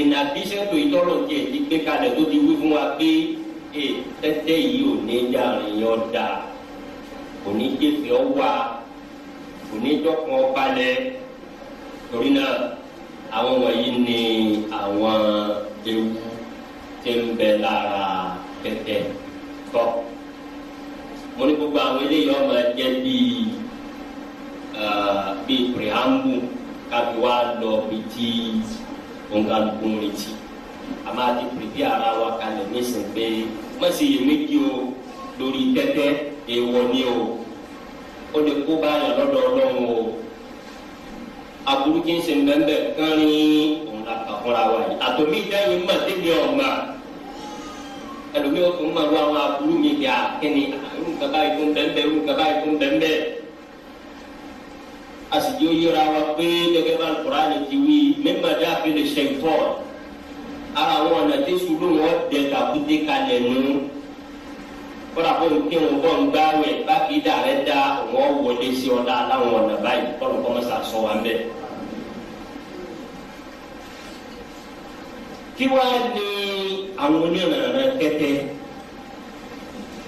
in addition to ìtọ́lọ̀ jẹ́ ìgbé kalẹ̀ tó ti wí fún wa pé ẹ tẹ́tẹ́ yìí ò ní dàrin yọ da kò ní jẹ́fẹ́ ọ wá kò ní jọ́kan ọ balẹ̀ torí náà àwọn wọ̀nyí ni àwọn ewu tí ń bẹ lára tẹ́tẹ́ tọ́ mo ní gbogbo àwọn eléyìí ọmọ ẹgbẹ́ bíi bíi preambu kábi wá lọ bí tí òǹkàlùkù ń retí a máa ti pèpè ara wa kalẹ̀ nísìnyí pé mọ̀sí yìí méjì o lórí tẹ́tẹ́ èèwọ̀ ni o ó lè kó báyà lọ́dọ̀ ọlọ́run o aburú kí n ṣe kán ní òun la kà fúnra wa yìí àtòmí ìdáyìí mọ̀ tẹ́lẹ̀ ọ̀gbà ẹlòmí o tún máa lo àwọn aburú mi bíi àkẹ́ni àrùn kaba ìfún bẹ́ẹ̀ àrùn kaba ìfún bẹ́ẹ̀ asidi oyera wa pé gẹ́gẹ́ bá al ni ti wí mẹ́mbà dá a fi lè ṣe ìfọ́ ara wọn ọ̀nà tí sùúrù wọn dẹ̀ tàbúté kalẹ̀ nù kọ́ra kó o kí wọn bọ́ ń gbá wẹ̀ bá kì í dà rẹ da wọn wọlé sí ọ dá láwọn ọ̀nà báyìí kọ́ra kọ́ mọ́sá sọ wa mẹ́. kí wàá ní àwọn onírànràn tẹ́tẹ́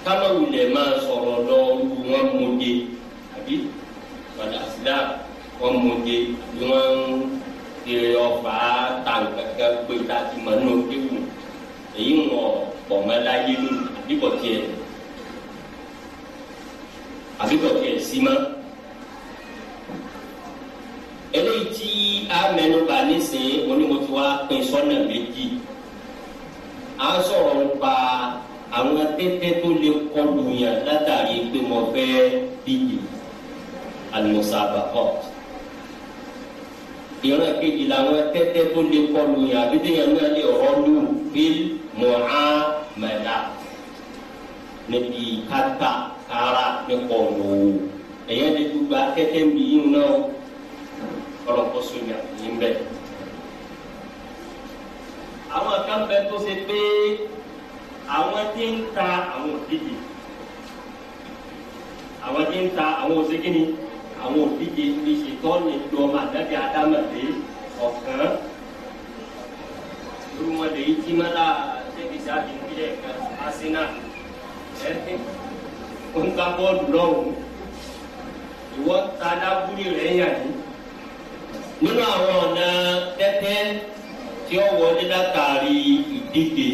kámẹ́wù lè máa sọ̀rọ̀ lọ wù wọ́n mọ̀dé àbí padà sílá wọ́n mọ̀dé àbí wọ́n ń ṣe ọ̀fà tàǹkàkà pé láti mọ̀ ní òkèwù èyí ń wọ̀ pọ̀ mọ́ láyé nù àbí bọ̀ tiẹ̀ àbí bọ̀ tiẹ̀ sí mọ́ eléyìí tí a mẹ́nu nísìnyí onímọ̀tí wa pín sọ́nà méjì à ń sọ̀rọ̀ nípa àwọn tẹ́tẹ́ tó lè kọlù yàn látàrí pé mo fẹ́ bíyì alimusabakot ìran kejì làwọn tẹ́tẹ́ tó lè kọlù yàn àbí téèyàn náà lè rọ́lù fíl mọ̀hámẹ́dà níbi kátà kára nípa òwò ẹ̀yẹ́ lè gbogbo akẹ́kẹ́ mi yìí náà ọlọ́kọ́sọ yàn ní bẹ́ẹ̀ àwọn kan bẹ tó ṣe pé àwọn tí ń ta àwọn òdíje àwọn tí ń ta àwọn òṣèkìní àwọn òdíje fi ṣètọ́ ní dọ́mà dábì adámàdé ọ̀kan lórúmọdé yìí tí mọ́lá débi sáàbì nílẹ̀ kan asínà ẹ̀ ó ń gbá bọ́ọ̀lù lọ́hùn-ún ìwọ́n ta lábúlé rẹ̀ yàn ní nínú àwọn ọ̀nà tẹ́tẹ́ tí ó wọlé látàrí ìdíje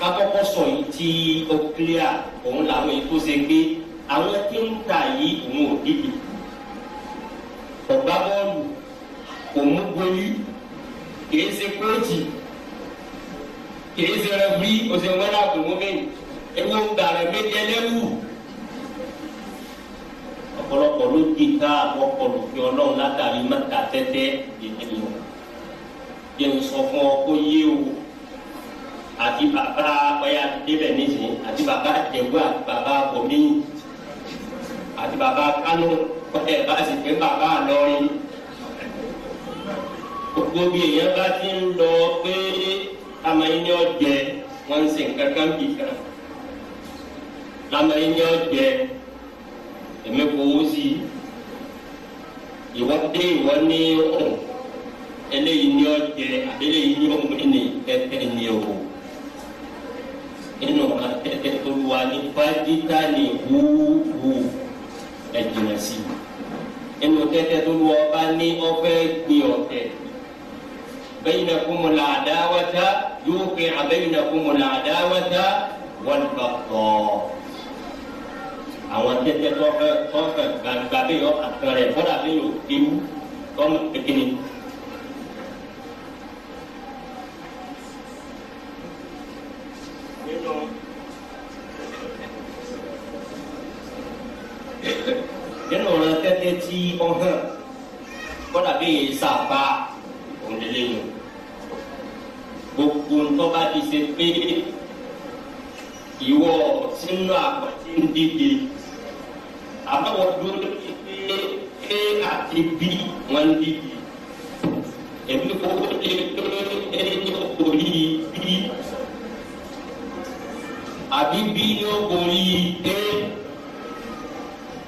kakọ́kọ́ sọ yìí tí ó kílíà òun làwọn èyí tó ṣe gbé àwọn tí ń ta yìí òun ò dìde ọ̀gá bọ́ọ̀lù òun gbóyú kìí ṣe kóòtù kìí ṣe rẹ̀bí òṣèwọ́n náà kò mú bẹ́ẹ̀ ewu gbàrẹ̀ méje lẹ́wù ọ̀pọ̀lọpọ̀ ló di ká àpọ̀pọ̀ lòfin ọlọ́run látàrí mẹ́ta tẹ́tẹ́ ìdílé wọn kí n sọ fún ọ kó yé o àti bàbá ọyà débẹ̀ nísìnyí àti bàbá àjẹwò àti bàbá bòmí àti bàbá kánò ọyà bá sì pé bàbá àlọrin gbogbo bí èèyàn bá ti ń lọ pé amáyíní ọjẹ wọn ń sìn kankan bì kan amáyíní ọjẹ èmi kò wó sí ìwọ́dé ìwọ́ní ọ̀hún eléyìí ni ọ jẹ àbẹ́lẹ́yìí ni ọmọ ẹni pẹ́pẹ́ ni o inú ka pẹ́pẹ́ olúwa ní fagita ni wúwú ẹ̀jìnà sí inú pẹ́pẹ́ olúwa bá ní ọfẹ́ gbé ọ̀tẹ̀ baynakumul adawata yuqi baynakumul adawata wal baghdha àwọn tẹ́tẹ́ tọ́fẹ̀ tọ́fẹ̀ gbàgbà bí yọ àtẹ̀rẹ̀ fọ́dà bí yọ kéwú kékeré. kẹ́tẹ́ tí ọ hàn kọ́dà bí yẹn sàbà òun lè léwu gbogbo ńtọ́ bá ti ṣe pé ìwọ sínú àpàtì ń dìde àbáwọ̀ dúró lórí pé a àti bí wọ́n ń dìde èmi kò lè pé ẹni kò rí bí àbí bí yóò borí pé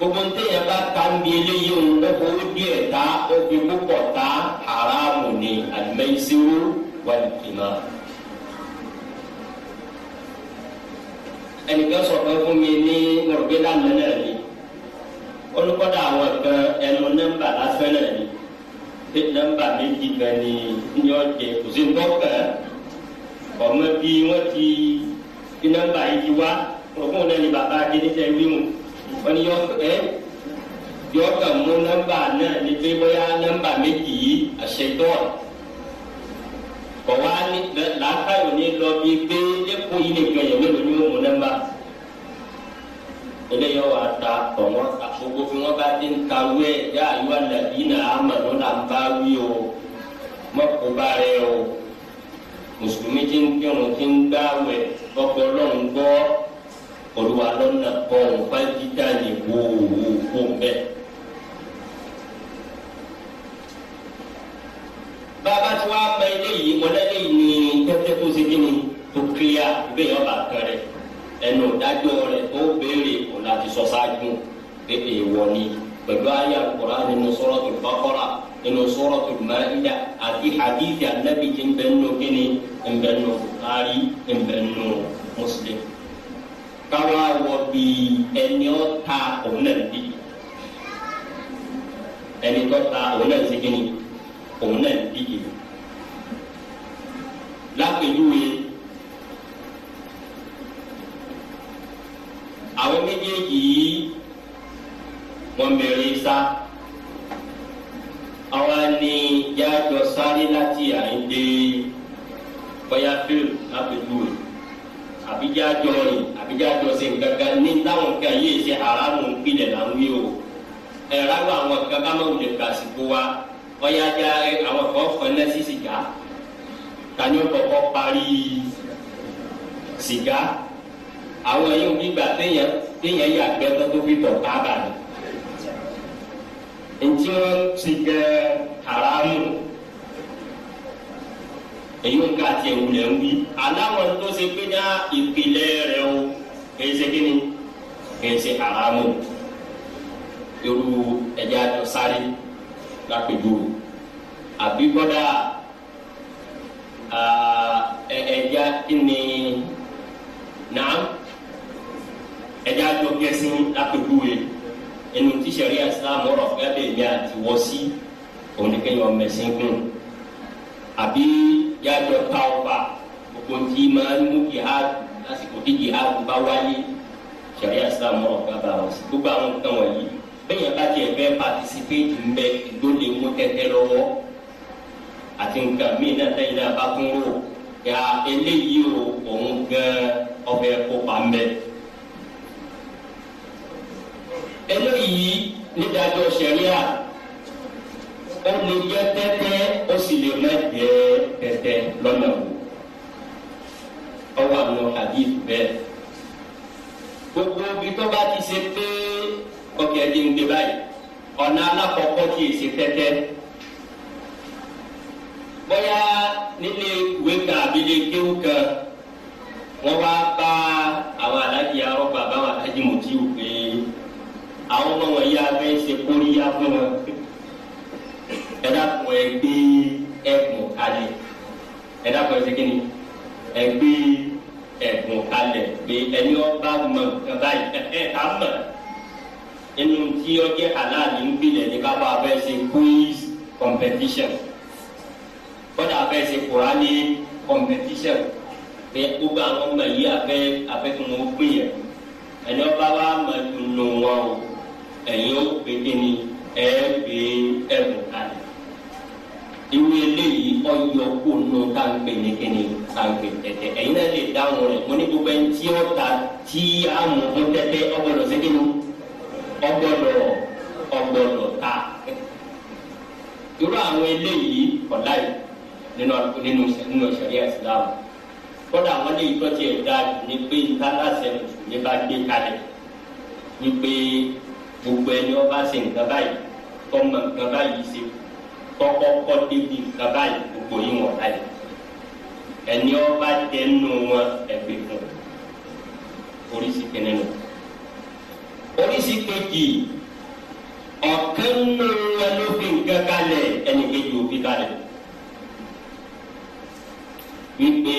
gbogbo ń tẹ̀yẹ bá ta ń bi eléyìí o ó fowó díẹ̀ ta ó fi púpọ̀ ta haramu ni alimẹ́sirú wàlùkìmá. ẹnìkan sọ̀rọ̀ fún mi ní mọ̀rọ̀gbẹ́lá mẹ́lẹ̀ ni olùkọ́dà àwọn kan ẹnu nọ́mbà lásán náà ni pé nọ́mbà méjì kan ni ní ọ̀jẹ̀ kò sí nǹkan ọmọ bí wọ́n ti nọ́mbà yìí ti wá òkú náà ni bàbá akíní tẹ́ wọ́n ní yọ ẹ yọ kàn mú nọ́mbà náà ní pé bóyá nọ́mbà méjì yìí àṣetọ́ kọ̀ wá ní làákàyò ní lọ bí pé lẹ́kọ̀ọ́ yìí nìkan yẹn mélòó ni ó mú nọ́mbà eléyìí wà ta ọ̀wọ́n àfogbó fún wọn bá dé nǹka wẹ́ yá àyíwá nàbí nà amadu là ń bá wí o mọ́kóbá rẹ o mùsùlùmí ti ń kírun ti ń gbá wẹ̀ ọ̀pọ̀ ọlọ́run gbọ́ olùwà lọ́nà bọ́ọ̀n bá dídá ní wòówó kó mbẹ́. bàbá tí wàá pa eléyìí mọ́lẹ́lẹ́ yìí ní tẹ́tẹ́ tó ṣe kí ni tó kíá bẹ́ẹ̀ ọba kan rẹ̀ ẹnu dájọ́ rẹ̀ tó béèrè kò láti sọ ṣáájú bébè wọlé pẹ̀lú àyà kura nínú Suratul Baqara nínú Suratul Maida àti hadithi anabi ń bẹ́ẹ̀ nù kí ni ń bẹ́ẹ̀ nù Bukhari ń bẹ́ẹ̀ nù Muslim káwá wọ bí ẹni ọ ta òun náà bí ẹni tó ta òun náà sí kíni òun náà bí yìí lápèjúwe àwọn méjèèjì yìí wọn bẹ̀rẹ̀ sá àwa ni yájọ sáré láti àyíndé bóyá fíl lápèjúwe àbí ìjà jọ̀sìn gàgà ní táwọn kan yìí ṣe haramu pilẹ̀ là ń wí o ẹ̀rọ àwọn àwọn kankan máa wulẹ̀ gbàsìkò wa ọ̀yájà àwọn kan fọ́nà sí sìgá tani ó kọ́kọ́ parí sìgá àwọn yìí ń gbígbà téèyàn téèyàn yà gbẹ́ tó tó fi tọ̀ káàbà ni ntí wọn ti gẹ haramu èyí ń ká tiẹ̀ wulẹ̀ ń wí aláwọn tó ṣe pé ní ìpìlẹ̀ rẹ o ẹsẹ kí ni ẹsẹ aramu irú ẹja tó sáré lápẹjù àbí gbọdá ah, ẹja kí ni náà ẹja tó gẹ̀ẹ́sìn lápẹjù yẹ inú tíṣẹ̀rí islam ọ̀rọ̀ fẹ́ bẹ́ẹ̀ ni àti wọ́ sí oníkẹ́yọ̀ mẹ́sìn kún àbí yájọ táwọn bá gbogbo tí máa ń mú kí á kú lásìkò díje àgùnbá wáyé sariya islam rọ gbàgbà wọn sí gbogbo àwọn nǹkan wọ̀nyí bẹ́ẹ̀ bá tiẹ̀ bẹ́ẹ̀ patisipéètì ń bẹ ìdólé mú tẹ́tẹ́ lọ́wọ́ àti nǹkan míì náà tẹ́yìn náà bá kún rò ya eléyìí o òun gan ọbẹ̀ kópa ń bẹ. eléyìí nídàájọ́ sariya ó lè jẹ́ tẹ́tẹ́ ó sì lè má jẹ́ tẹ́tẹ́ lọ́nà wò ọwọ́ àlọ́ hadith bẹ́ẹ̀ gbogbo ibi tó bá ti ṣe pé ọkẹ́ ẹ̀dí ń gbé báyìí ọ̀nà alákọ̀ọ́kọ́ ti ṣe tẹ́tẹ́ bóyá nílé ìwé kan àbílẹ̀ kéwù kan wọ́n wá bá àwọn alájí arọ́gbà báwọn alájí mùtí wù pé àwọn ọmọ wọn yá abẹ́ ṣe kóríyá fún wọn ẹ dàpọ̀ ẹ kalẹ̀ ẹ dàpọ̀ kí ni ẹ ẹ̀bùn kalẹ̀ pé ẹni ọba mọ̀ kaba ìtẹ̀tẹ̀ ká mọ̀ inú tí ọjẹ́ aláàlú ń gbilẹ̀ ní kábà fẹ́ ṣe quiz competition kọ́dà fẹ́ ṣe kùránì competition pé gbogbo àwọn ọmọ yìí afẹ́ afẹ́kùn wọn gbé yẹn ẹni ọba wa mọ̀ nù wọn o ẹ̀yin ó pè é ní ẹ̀ẹ́gbé ẹ̀bùn kalẹ̀ irú eléyìí ọyọ kó nù tá ń pè ní kíni àgbè tẹ̀tẹ̀ ẹ̀yin náà lè dáhùn rẹ̀ mo ní gbogbo ẹni tí ó ta tí a mú fún tẹ́tẹ́ ọgbọ́dọ̀ sékéwò ọgbọ́dọ̀ ọgbọ́dọ̀ ta irú àwọn eléyìí kọ̀dá yìí nínú nínú sẹ̀ríà ìsìlámù kọ́dà àwọn eléyìí tó tiẹ̀ dá ní pé ntálàsẹ̀ mùsùlùmí bá gbé kalẹ̀ ní pé gbogbo ẹni ọba ṣe nǹkan báyìí tọ́mọ nǹkan báyìí ṣe tọ́kọ́kọ́ débi nǹkan báyìí gbogbo yìí wọ̀n láyìí ẹni ọba dẹnu wọn ẹgbẹ fún oríṣi kìíní nù oríṣi kejì ọ̀kan nù wọn ló fi nǹkan kalẹ̀ ẹni kejì òfin kalẹ̀ wípé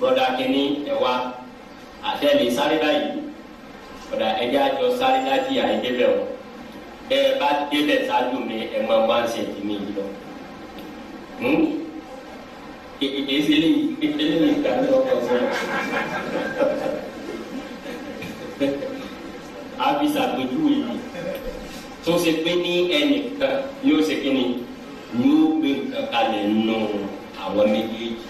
bọ́dà kìíní ẹ̀ wá àtẹ̀lé sáré báyìí ọ̀dà ẹ̀jẹ̀ àjọ sáré láti àìdébẹ̀ o bẹ́ẹ̀ bá débẹ̀ ṣáájú mi ẹ̀ máa wá ń ṣe ìdí mi yìí lọ. Hmm? èsì eléyìí eléyìí ìgbà ní ọkọ̀ sọ. àbí sàpèjúwe yìí tó ṣe pé ní ẹnìkan ni ó ṣe kí ni ni ó gbé nǹkan kalẹ̀ nù àwọn méjèèjì.